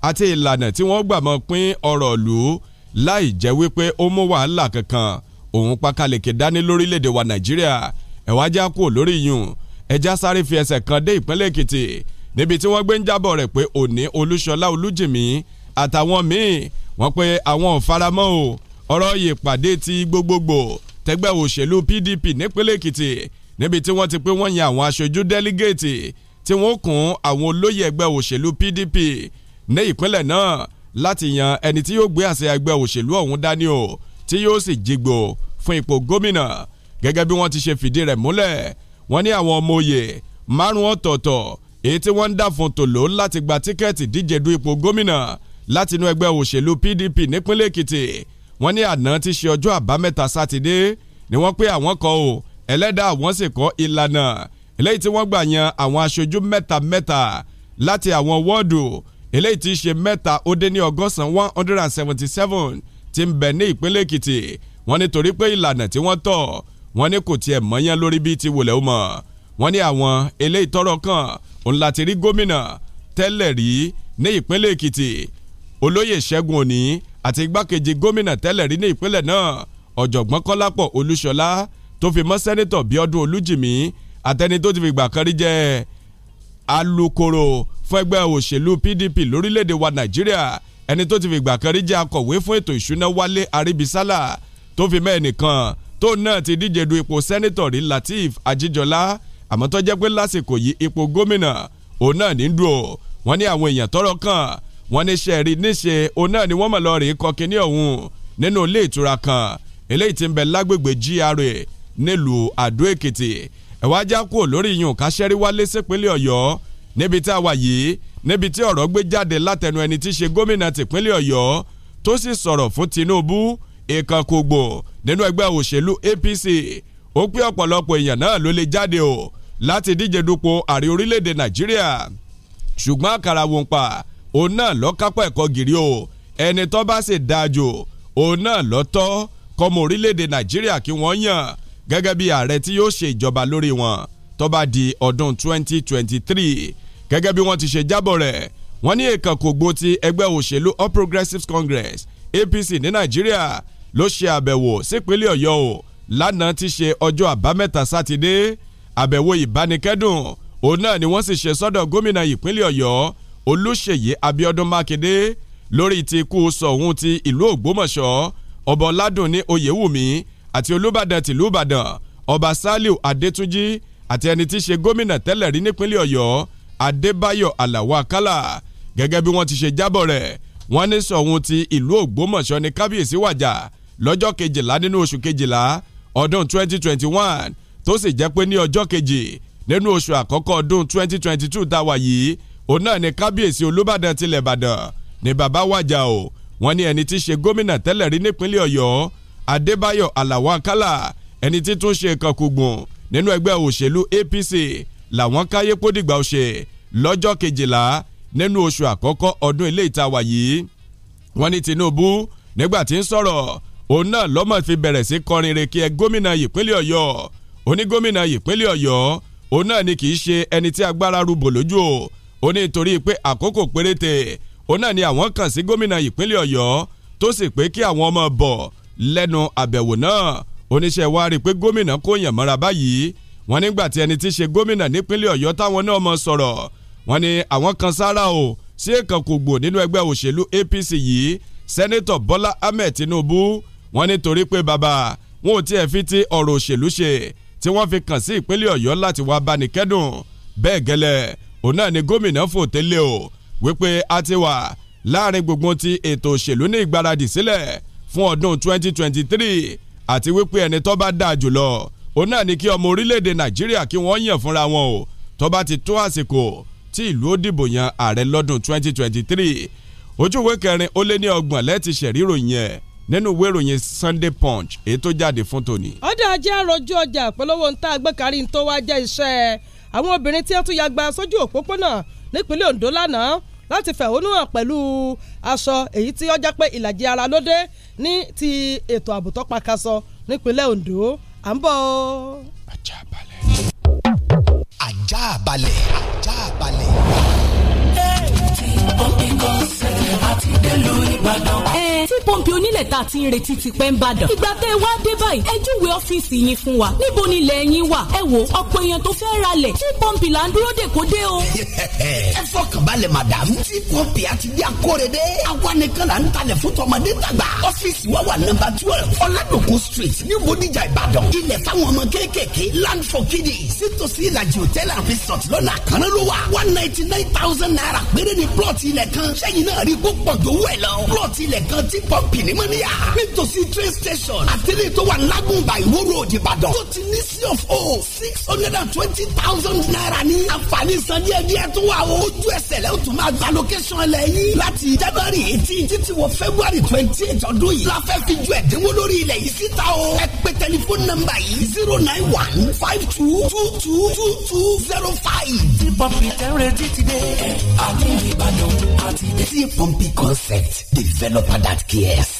àti ìlànà tí wọ́n gbà mọ́ pín ọ̀rọ̀ lù láì jẹ́ wípé ó mú wàhálà kankan òun pákáleke dání lórílẹ̀‐èdè wa nàìjíríà ẹ̀wá já kú lórí yùn ẹja sáré fi ẹsẹ̀ kan dé ìpínlẹ̀ èkìtì níbi tí wọ́n gbé ń jábọ̀ rẹ̀ pé òní olúṣọlá olújìmí àtàwọn míì wọ́n pé àwọn ò faramọ́ o ọ̀rọ̀ ìpàdé ti gbogbogbò tẹgbẹ́ òṣèlú PDP nípínlẹ̀ èkìtì níbi tí wọ́n ti pé wọ́n yan àwọn aṣojú délígéètì tí wọ́n kún àwọn olóyè ẹgbẹ́ òṣèlú PDP ní ìpínlẹ̀ náà láti yan ẹni tí yóò gbé àṣẹ ẹgbẹ́ òṣèlú ọ̀hún dání o tí yóò sì jígbó fún ipò gómìnà gẹ́gẹ́ bí wọ́n ti ṣe fìdí rẹ̀ múlẹ̀ wọ́n ní àwọn ọmọ òye márùn-ún ọ̀tọ̀ọ̀tọ̀ èyí tí wọ́n ń dà fún tòló láti gba tíkẹ́ẹ̀tì díje du ipò gómìnà láti inú ẹgbẹ́ òṣèlú PDP nípínlẹ̀ Èkìtì wọ́n ní àná ti ṣe ọjọ́ àbámẹ́ta sátidé ni wọ́n pé àwọn kọ o ẹlẹ́dàá àwọn sì kọ ìlànà eléyìí tí wọ́n gbà yan àwọn aṣojú mẹ́ta mẹ́ta láti àwọn wọ́ọ̀dù eléyìí ti ṣe mẹ́ta ó dé ní ọgọ́sàn one hundred and seventy seven ti ń bẹ ní ìpínlẹ̀ Èkìtì wọ́n ní torí pé ìlànà tí wọ́n tọ̀ wọ́n ní kò tiẹ̀ mọ́yán lórí bíi ti wòlẹ̀ ó mọ̀ wọ́n ní àwọn eléyìí tọ́rọ̀ kàn òun láti rí gómìnà tẹ́lẹ̀ rí ní ìpínlẹ̀ Èkìtì olóyè Ṣẹ́gun Òní àti igbákejì gómìnà tẹ́lẹ̀ rí ní ìpínlẹ̀ náà ọ̀jọ̀gbọ́n Kọ́lápọ̀ Olúṣọlá tó fi mọ́ sẹ́nitọ̀ Bíọ́dún Olújìmí àtẹni tó ti fìgbà kan rí jẹ́ alukoro fún ẹgbẹ́ òṣèlú PDP lórílẹ̀‐èdè wa Nàìjíríà ẹni tó ti fi ìgbà kan rí jẹ́ akọ̀wé fún ètò ìṣúná Wálé Arìbísálà tó fi mẹ́ ẹnìkan tó náà ti díje du ipò sẹ́nítọ̀ rí Latif Ajíjọlá àmọ́ tó jẹ́ pé lásìkò yìí ipò gómìnà òun náà ní dùn ó wọ́n ní àwọn èèyàn tọ́rọ̀ kàn wọ́n ní sẹ́ẹ̀rí níṣe òun náà ni wọ́n mọ̀ lọ́ọ́ rí kọkíní ọ̀hún nínú ilé ìtura kan eléyìí tí ń bẹ lágbègbè GRA nílùú Àdó Èkìtì ẹ̀wájá kúrò lórí iyùn káṣẹ́rí wálé sípínlẹ̀ Ọ̀yọ́ níbi tí a wà yìí níbi tí ọ̀rọ̀ gbé jáde látẹnu ẹni tí í ṣe gómìnà tìpínlẹ̀ ọ̀yọ́ tó sì sọ̀rọ̀ fún tinubu ìkànkògbò nínú ẹgbẹ́ òṣèlú apc ó pé ọ̀pọ̀lọpọ̀ èèyàn náà ló lè jáde o láti díje dupò ààrẹ orílẹ̀-èdè nàìjíríà ṣùgbọ́n àkàrà wòǹpà òun náà lọ kápá ẹ̀kọ́ gírí o ẹni tó bá sì dáa jù òun náà lọ tọ́ kọ́mọ orílẹ̀-èdè nàìjíríà kí wọ́n yàn gẹ́gẹ́ bí ààrẹ tí yóò ṣe ìjọba lórí wọn tó di ọdún 2023 gẹ́gẹ́ bí wọ́n ti ṣe jábọ̀ rẹ̀ wọ́n ní èèkàn kògbó ti ẹgbẹ́ òṣèlú All Progressives Congress APC ní Nàìjíríà ló ṣe àbẹ̀wò sípínlẹ̀ Ọ̀yọ́ o lánàá ti ṣe ọjọ́ àbámẹ́ta sátidé àbẹ̀wò ìbánikẹ́dùn òun náà ni wọ́n sì ṣe sọ́dọ̀ gómìnà ìpínlẹ̀ Ọ̀yọ́ Olúṣèyí Abíọ́dún Mákindé lórí ti ikú sọ̀hún ti ìlú Ògbómọ̀ṣọ́ ọba Ọládùnní Oyèwùmí àti Olúbàdàn tìlú Ìbàdàn ọba Saliu Adétúnjì àti ẹni tí í ṣe gómìnà tẹ́lẹ̀ rí nípínlẹ̀ ọ̀yọ́ adébáyọ̀ aláwọ̀ àkàlà gẹ́gẹ́ bí wọ́n ti ṣe jábọ̀ rẹ̀ wọ́n ní sọ̀hún ti ìlú ògbómọ̀ṣọ́ ní kábíyèsí wàjà lọ́jọ́ kejìlá nínú oṣù kejìlá ọdún 2021 tó sì jẹ́ pé ní ọjọ́ kejì nínú oṣù àkọ́kọ́ ọdún 2022 tá a wà yìí òun náà ni kábíyèsí olúbàdàn tilẹ̀ ìbàdàn ni bàbá wàjà o wọ́n ní ẹni tí í ṣe gómìnà tẹ́lẹ̀ rí nípínlẹ̀ ọ̀yọ́ adébáyọ̀ aláwọ̀ àkàlà ẹni tí tún ṣe kankugùn nínú ẹgbẹ́ òṣèlú APC làwọn káyé pódìgbà ọ̀sẹ̀ lọ́jọ́ kejìlá nínú oṣù àkọ́kọ́ ọdún ilé ìtawà yìí wọ́n ní Tinubu nígbà tí ń sọ̀rọ̀ òun náà lọ́mọ fi bẹ̀rẹ̀ sí kọrin rèké ẹ gómìnà ìpínlẹ̀ Ọ̀yọ́ onígómìnà ìpínlẹ̀ Ọ̀yọ́ òun náà ni kì í ṣe ẹni tí agbára rúbò lójú o ó torí pé àkókò péréte òun náà ni àwọn kàn sí gómìnà ìpínlẹ̀ Ọ̀yọ́ tó sì pé kí àwọn ọmọ bọ̀ lẹ́nu àbẹ̀wò náà oníṣẹ́ wa rí i pé gómìnà kò yàn mọ́ra báyìí wọ́n nígbà tí ẹni tí í ṣe gómìnà nípínlẹ̀ ọ̀yọ́ táwọn náà mọ̀ sọ̀rọ̀ wọ́n ní àwọn kan sára o sí èkán kò gbò nínú ẹgbẹ́ òṣèlú APC yìí sẹ́nẹ́tọ̀ bọ́lá ahmed tinubu wọ́n ní torí pé bàbá wọn ò tiẹ̀ fi ti ọ̀rọ̀ òṣèlú ṣe tí wọ́n fi kàn sí ìpínlẹ̀ ọ̀yọ́ láti wá bá ní kẹ́dùn bẹ́ẹ̀ gẹ́lẹ́ òun náà ni gómìnà fòtẹ́lẹ̀ o wípé a ti wà láàrin gbogbo ti ètò òṣèlú ní ìgbáradì sílẹ̀ fún ọdún 2023 àti wípé ẹni tó bá dáa jùlọ òun náà ni kí ọmọ orílẹ̀-èdè nàìjíríà kí wọ́n yàn fúnra wọn o tó bá ti tó àsìkò tí ìlú ó dìbò yan ààrẹ lọ́dún 2023 ojú ìwé kẹrin ó lé ní ọgbọ̀n lẹ́ẹ̀tì ṣẹ̀ríro yẹn nínú ìwé ìròyìn Sunday Punch èyí tó jáde fún tòní. ọ̀dà ajé àròjù ọjà polówó ń tá agbẹ́kárí ń tó wá jẹ́ iṣẹ́ àwọn obìnrin tí wọ́n tún ya gba láti fẹ̀hónú hàn pẹ̀lú aṣọ èyí tí ó jẹ́ pé ìlàjì ara ló dé ní ti ètò ààbò tó pakasọ nípínlẹ̀ Ondo à ń bọ̀. ajá balẹ̀ ajá balẹ̀ ajá balẹ̀ pọ́ǹpì kọ́nsẹ̀pì àti délù ìbàdàn. ẹ tí pọ́ǹpì onílẹ̀ ta ti ń retí ti pẹ́ ń bàdàn. ìgbà tẹ́ ẹ wá dé báyìí ẹ júwe ọ́fíìsì yín fún wa níbo ni ilẹ̀ yín wà ẹ wo ọ̀pọ̀ èèyàn tó fẹ́ ra lẹ̀ tí pọ́ǹpì là ń dúró dè kó dé o. [laughs] ẹ fọkàn balẹ̀ màdàmú tí pọ́ǹpì àti bí akóredé awa nìkan là ń talẹ̀ fún tọmọdé tàgbà ọ́fíìsì wa wà nọ́mbà twelve ọ̀làdòkun street ní bódìjà ìbàdàn ilẹ̀ fáwọn one ninety nine thousand naira péré ni plot plọ̀tì ilẹ̀ kan sẹ́yìn náà rí kó pọ̀ jówó ẹ̀ lọ. plọ̀tì ilẹ̀ kan ti pọ́ǹpì ní mọ́níyà. nítòsí train station àtẹ̀lé tó wà lágùnbà ìwó road ìbàdàn. tó ti ní sí of o six hundred and twenty thousand naira ní. àǹfààní san díẹ̀ díẹ̀ tó wà o. ojú ẹsẹ̀ lẹ́yìn tó máa gba location ẹlẹ́ yìí. láti january eighteen títí wọ february twenty eight ọdún yìí. la fẹ́ fi ju ẹ̀dínwó lórí ilẹ̀ yìí síta o. ẹ pe tẹlifóònù nọ́mbà yìí zero nine one five two two two two zero five. ti pọ́ǹpì tẹ́rẹ̀ títí dé àní ìbàdàn. At a Pumpy Concept, developer that cares.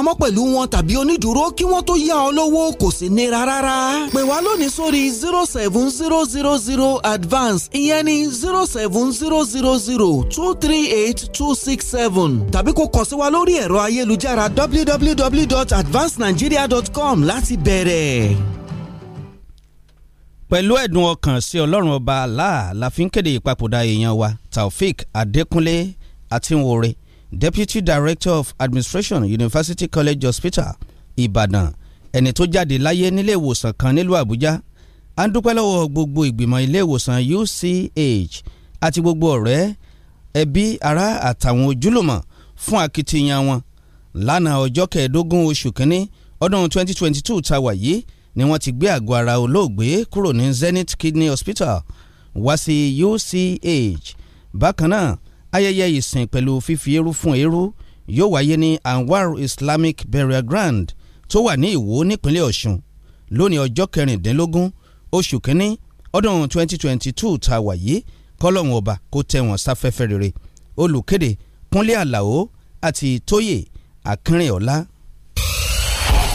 ìfowópamọ́ pẹ̀lú wọn tàbí onídùúró kí wọ́n tó yá ọ lówó kò sí nira rárá. pè wá lónìí sórí zero seven zero zero zero advance ìyẹn ní zero seven zero zero zero two three eight two six seven tàbí kò kàn sí wa lórí ẹ̀rọ ayélujára www.advancenigeria.com láti bẹ̀rẹ̀. pẹ̀lú ẹ̀dùn ọkàn sí ọlọ́run ọba Allah la fi ń kéde ìpapòdà èèyàn wa Taofik Adékúnlé àti nwore Deputy Director of Administration University College Hospital Ibadan, ẹni tó jáde láyé nílé ìwòsàn kan nílùú Àbújá à ń dúpẹ́ lọ́wọ́ gbogbo ìgbìmọ̀ ilé ìwòsàn UCH àti gbogbo ọ̀rẹ́ ẹbí ará àtàwọn ojúlùmọ̀ fún akitiyan wọn lánàá ọjọ́ kẹẹ̀ẹ́dógún oṣù kínní ọdún 2022 tá wà yìí ni wọ́n ti gbé àgọ́ ara olóògbé kúrò ní Zenith Kidney Hospital wá sí UCH bákan náà ayẹyẹ ìsìn pẹ̀lú fífi eérú fún eérú yóò wáyé ní Anwar Islamic Burial Ground tó wà ní Ìwó nípínlẹ̀ Ọ̀ṣun lónìí ọjọ́ kẹrìndínlógún oṣù kínní ọdún 2022 tá a wà yìí kọ́lọ́hún ọba kó tẹ́ wọn sáfẹ́fẹ́ rere olùkéde Kúnlé Àlàó àti Tóyè Akínrìnọlá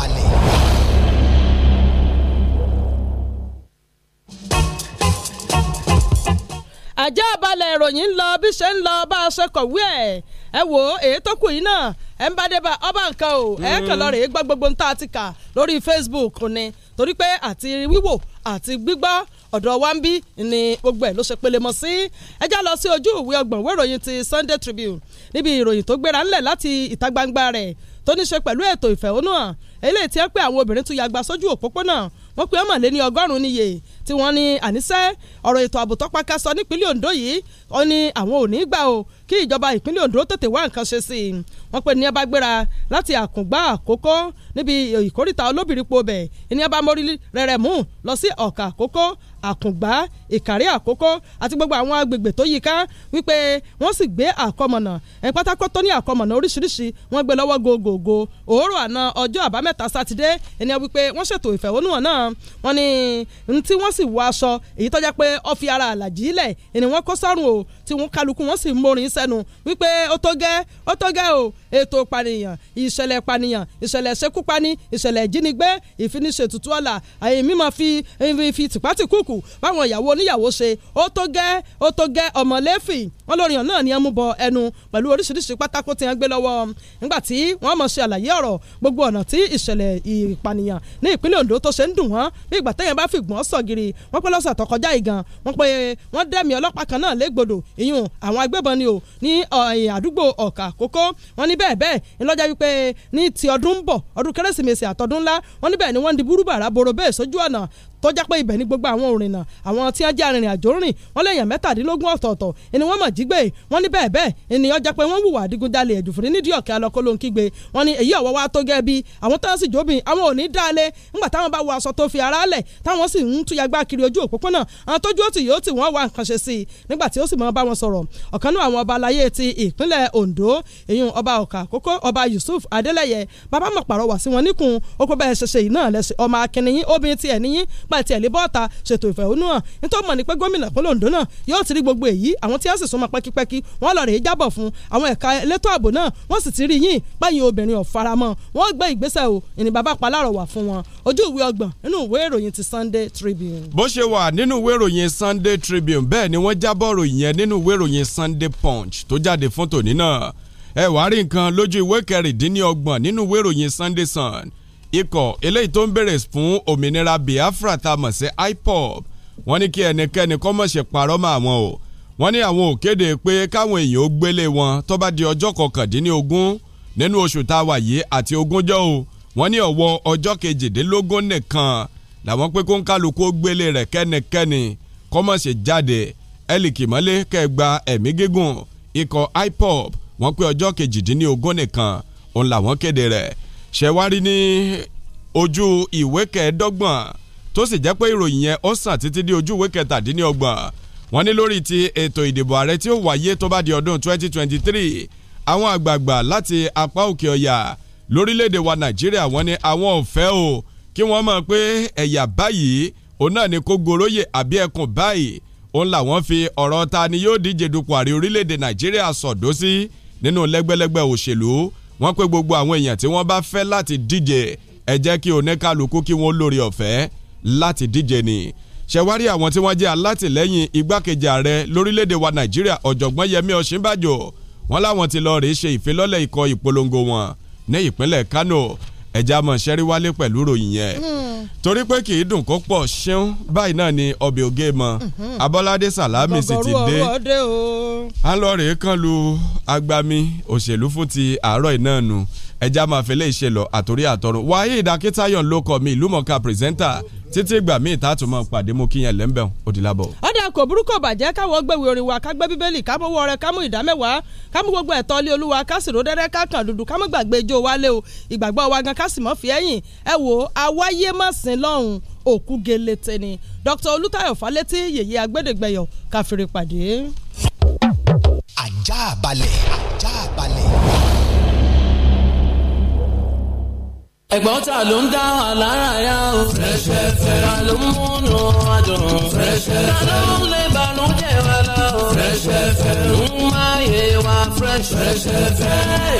balẹ̀. àjẹ́ àbálẹ̀ ìròyìn ń lọ bí ṣe ń lọ bá a ṣe kọ̀wé ẹ̀ ẹ wò ó èyí tó kù yìí náà ẹ ń bá dé bá ọba nǹkan o ẹ kàn lọ mm. rèé gbọ́ gbogbo ń tá kà lórí Facebook ni torí pé àti wíwò àti gbígbọ́ ọ̀dọ̀ wa ń bí ni gbogbo ẹ̀ ló ṣe pele mọ́ sí ẹ já lọ sí ojú ìwé ọgbọ̀n ìwé ìròyìn ti Sunday Tribune níbi ìròyìn tó gbéra ńlẹ̀ láti ìta gbangba rẹ̀ tó ní ṣe pẹ̀lú ètò ìfẹ̀hónúhàn eléyìí tí ẹ pé àwọn obìnrin tún yagba sójú òpópónà wọ́n pe ọmọ lé ní ọgọ́rùn-ún níye tí wọ́n ní àníṣẹ́ ọ̀rọ̀ ètò ààbò tọ́páká sọ nípínlẹ̀ Ondo yìí ó ní àwọn ò ní gbà o kí ìjọba ìpínlẹ̀ Ondo tètè wá nǹkan ṣe sí i wọ́n pe ní ẹ bá gbéra láti àkùngbá àkókó níbi ìkórìtà olóbìnrin po bẹ̀ ní ẹ bá mórí rẹ̀rẹ̀ mú lọ sí ọ̀kà àkókó àkùngbá ìkàrẹ́ àkókò àti gbogbo àwọn agbègbè tó yíká wípé wọ́n sì gbé àkọmọ̀nà ẹ̀ pátákó tó ní àkọmọ̀nà oríṣiríṣi wọ́n gbé lọ́wọ́ gògògò òórò àná ọjọ́ àbámẹ́ta sátidé ẹni wípé wọ́n ṣètò ìfẹ̀hónúhàn náà wọ́n ní ntí wọ́n sì wọ aṣọ èyí tọ́já pé ó fi ara àlàjì ilẹ̀ ẹni wọ́n kó sọ́run o tí wọ́n kálukú wọ́n sì ń mórin sẹ́nu wípé ó tó gẹ́ ó tó gẹ́ o ètò ìpànìyàn ìṣẹ̀lẹ̀ ìpànìyàn ìṣẹ̀lẹ̀ ṣekúpani ìṣẹ̀lẹ̀ ìjínigbé ìfiniṣètùtù ọ̀la àyè mímọ́ fi fi tìpátìkúk kù báwọn ìyàwó oníyàwó ṣe ó tó gẹ́ ó tó gẹ́ ọmọlẹ́fì wọn lórí ọ̀ náà ni wọ́n mú bọ ẹnu pẹ̀lú oríṣiríṣi pátákó tí wọ́n gbé lọ́wọ́ nígbà tí wọ́n mọ̀ ṣe àlàyé ọ̀rọ̀ gbogbo ọ̀nà tí ìṣẹ̀lẹ̀ ìpànìyàn ní ìpínlẹ̀ Ondo tó ṣe ń dùn wọ́n bí ìgbà téèyàn bá fi sọ̀gìrì wọ́n pẹ́ lọ́sẹ̀ tó ìgàn wọ́n pé wọ́n dẹ́mi ọlọ́pàá kan náà légbodò ìyún àwọn agbébọn ni o ní eh, àdúgbò ọ̀kà àkókò wọ́n ní bẹ́ẹ̀ bẹ́ẹ̀ ńlọ́jà wípé ní ti ọdún ń bọ̀ ọdún kérésìmesì àtọdún ńlá wọ́n níbẹ̀ ni tọ́já pé ibẹ̀ ni gbogbo àwọn òrìnnà àwọn tí wọ́n jẹ́ arìnrìn àjò rìn wọ́n lè yàn mẹ́tàdínlógún ọ̀tọ̀ọ̀tọ̀ ni wọ́n mọ̀ jí gbé wọ́n ní bẹ́ẹ̀ bẹ́ẹ̀ ènìyàn jẹ́ pé wọ́n hùwà adigunjalè ẹ̀dùnfòrí nídìí ọ̀kẹ́ alọ́kọ́ló ń kígbe wọ́n ní èyí ọ̀wọ́ wa tó gẹ́ bí àwọn tó ń sì jóbìn àwọn ò ní dáalé ńgbà táwọn bá wọ aṣọ tó fi ara lẹ̀ táwọn sì ń túya gbá kiri ojú òpópónà àwọn tójú òtì yóò tì wọ́n wá nǹkan ṣe sí i nígbà tí ó sì máa bá wọn sọ̀rọ̀ ọ̀kan náà àwọn ọba aláyé ti ìpínlẹ̀ Ondo èyí ọba ọ̀kà àkókò ọba Yusuf Adélẹ́yẹ bàbá mọ̀ pàrọwà sí wọn níkùn ó pé bẹ́ẹ̀ ṣẹṣẹ yìí náà lẹ́sẹ̀ ọmọ akínníyín obìnrin tiẹ̀ níyín pàtì ẹ̀lẹ́ bọ́ọ̀ta ṣètò ìfẹ̀hónú hàn nítorí mọ̀ ní pé gómìnà pínlẹ̀ Ondo náà yóò ti rí gbogbo èyí àwọn tí wọ́n sì súnmọ́ pẹ́kípẹ́kí wọ́n lọ rèé jábọ̀ fún àwọn ẹ̀ka elétò ààbò náà wọ́n sì ti rí yín báyìí obìnrin ọ̀faramọ́ wọ́n gbé ìgbésẹ̀ o ìní bàbá palárọ̀ wà fún wọn ojú ìwé ọgbọ̀n nínú ìwé ìròyìn ti Sunday Tribune. bó ṣe wà nínú ìwé ìròyìn Sunday Tribune bẹ́ẹ̀ ni wọ́n jábọ̀ ròyìn nínú ìwé ìròyìn Sunday Punch tó jáde fún tòní náà ẹ wá rí nǹkan lójú ìwé kẹrìndínlọ́gbọ̀n nínú ìwé ìròyìn Sunday Sun ikọ̀ eléyìí tó ń bèrè fún òmìnira Biafra tá a mọ̀ sí IPOB wọ́n ní kí ẹnikẹ́ni kọ́ mọ̀ ṣe parọ́ mọ́ àwọn o wọ́n ní àwọn ò kéde pé káwọn èèyàn ó gbélé wọn tó bá di ọjọ́ kọkàndínlógún nínú oṣù tá a wà yìí àti ogúnjọ́ o wọ́n ní ọ̀wọ́ ọjọ́ kejìdínlógún nìkan làwọn pé kó ń kálukú gbélé rẹ̀ kẹ́nikẹ́ni kọ́ mọ̀ ṣe jáde ẹlìkìmọ́lé kẹgbà ẹ̀mí gígùn ikọ̀ IPOB wọ́n pé ọjọ́ kejìdínlógún nìkan òun làwọn kéde rẹ̀ ṣẹ̀wárí ní ojú ìwé kẹẹ̀ẹ́dọ́gbọ̀n tó sì jẹ́ pé ìròyìn yẹn ó sàn títí dé ojú ìwé kẹtàdínlọ́gbọ̀n wọ́n ní lórí ti ètò ìdìbò ààrẹ tí ó wáyé tó bá di ọdún 2023 àwọn àgbààgbà láti apá òkè ọ̀yà lórílẹ̀‐èdè wa nàìjíríà wọ́n ní àwọn ò fẹ́ o kí wọ́n mọ̀ pé ẹ̀yà báyìí òun náà ni kó goróyè àbí ẹkùn báyìí òun làwọn fi ọ̀rọ̀ ta ni yóò díje dupò ààrẹ orílẹ̀‐èdè nàìjíríà sọ̀dọ́ sí nínú lẹ́gbẹ́lẹ́gbẹ́ òṣèlú wọ́n pé gbogbo àwọn èèyàn tí wọ́n bá fẹ́ láti díje ẹ jẹ́ kí oníkálukú kí wọ́n lórí ọ̀fẹ́ láti díje ni ṣẹ̀wárí àwọn tí wọ́n jẹ́ alátìlẹ́yìn igbákejì ààrẹ lórílẹ̀‐èdè wa nàìjíríà ọ̀jọ̀gbọ́n yẹmí ọ̀ṣínbàjò wọ́n láwọn ti lọ rèé ṣe ìfilọ́lẹ̀ ikọ̀ ìpolongo wọn ní ìpínlẹ̀ kano ẹ̀já mọ̀ ṣẹ́rí wálé pẹ̀lú ròyìn yẹn hmm. torí pé kì í dùn kó pọ̀ ṣeun báyìí náà ni ọbẹ̀ ògé mọ hmm. abọ́ládé sàlámì sì ti dé à lọ rèé kan lu agbami òṣèlú fún ti àárọ̀ ìnáà nù ẹja máa fẹlẹ́ ìṣe lọ àtòrí àtọrun Waheed Akitayo ló kọ mi ìlúmọ̀ọ́ká pírẹsẹ́ńtà títí ìgbà míì tá a pàdé mú kíyàn lẹ́ńbẹ̀ òdì ọ̀dà kò burúkú bàjẹ́ káwọn gbẹ̀wé orin wa ká gbé bíbélì ká mú rẹ ká mú ìdá ká mú gbogbo ẹ̀tọ́ lé olúwa ká sì ró ká kàn dúdú ká mú gbàgbé ijó wa lé o ìgbàgbọ́ wa gan ká sì mọ́ fi ẹ̀yìn ẹ wo awáyé má sin lọ́hùn òkú gelete ni Dr. Olùtayọ̀ Fálétí yèyé agbẹ́dẹ̀gbẹ̀yọ̀ káfíńrì pàdé. ajá balẹ̀ ajá balẹ̀ ẹ̀gbọ́n ta ló ń dá wa lára yá o. Fresh FM. ta ló ń múnú wa dùn. Fresh FM. ta ló ń lé ìbànújẹ́ wa lọ. Fresh ń máa yé wa Fresh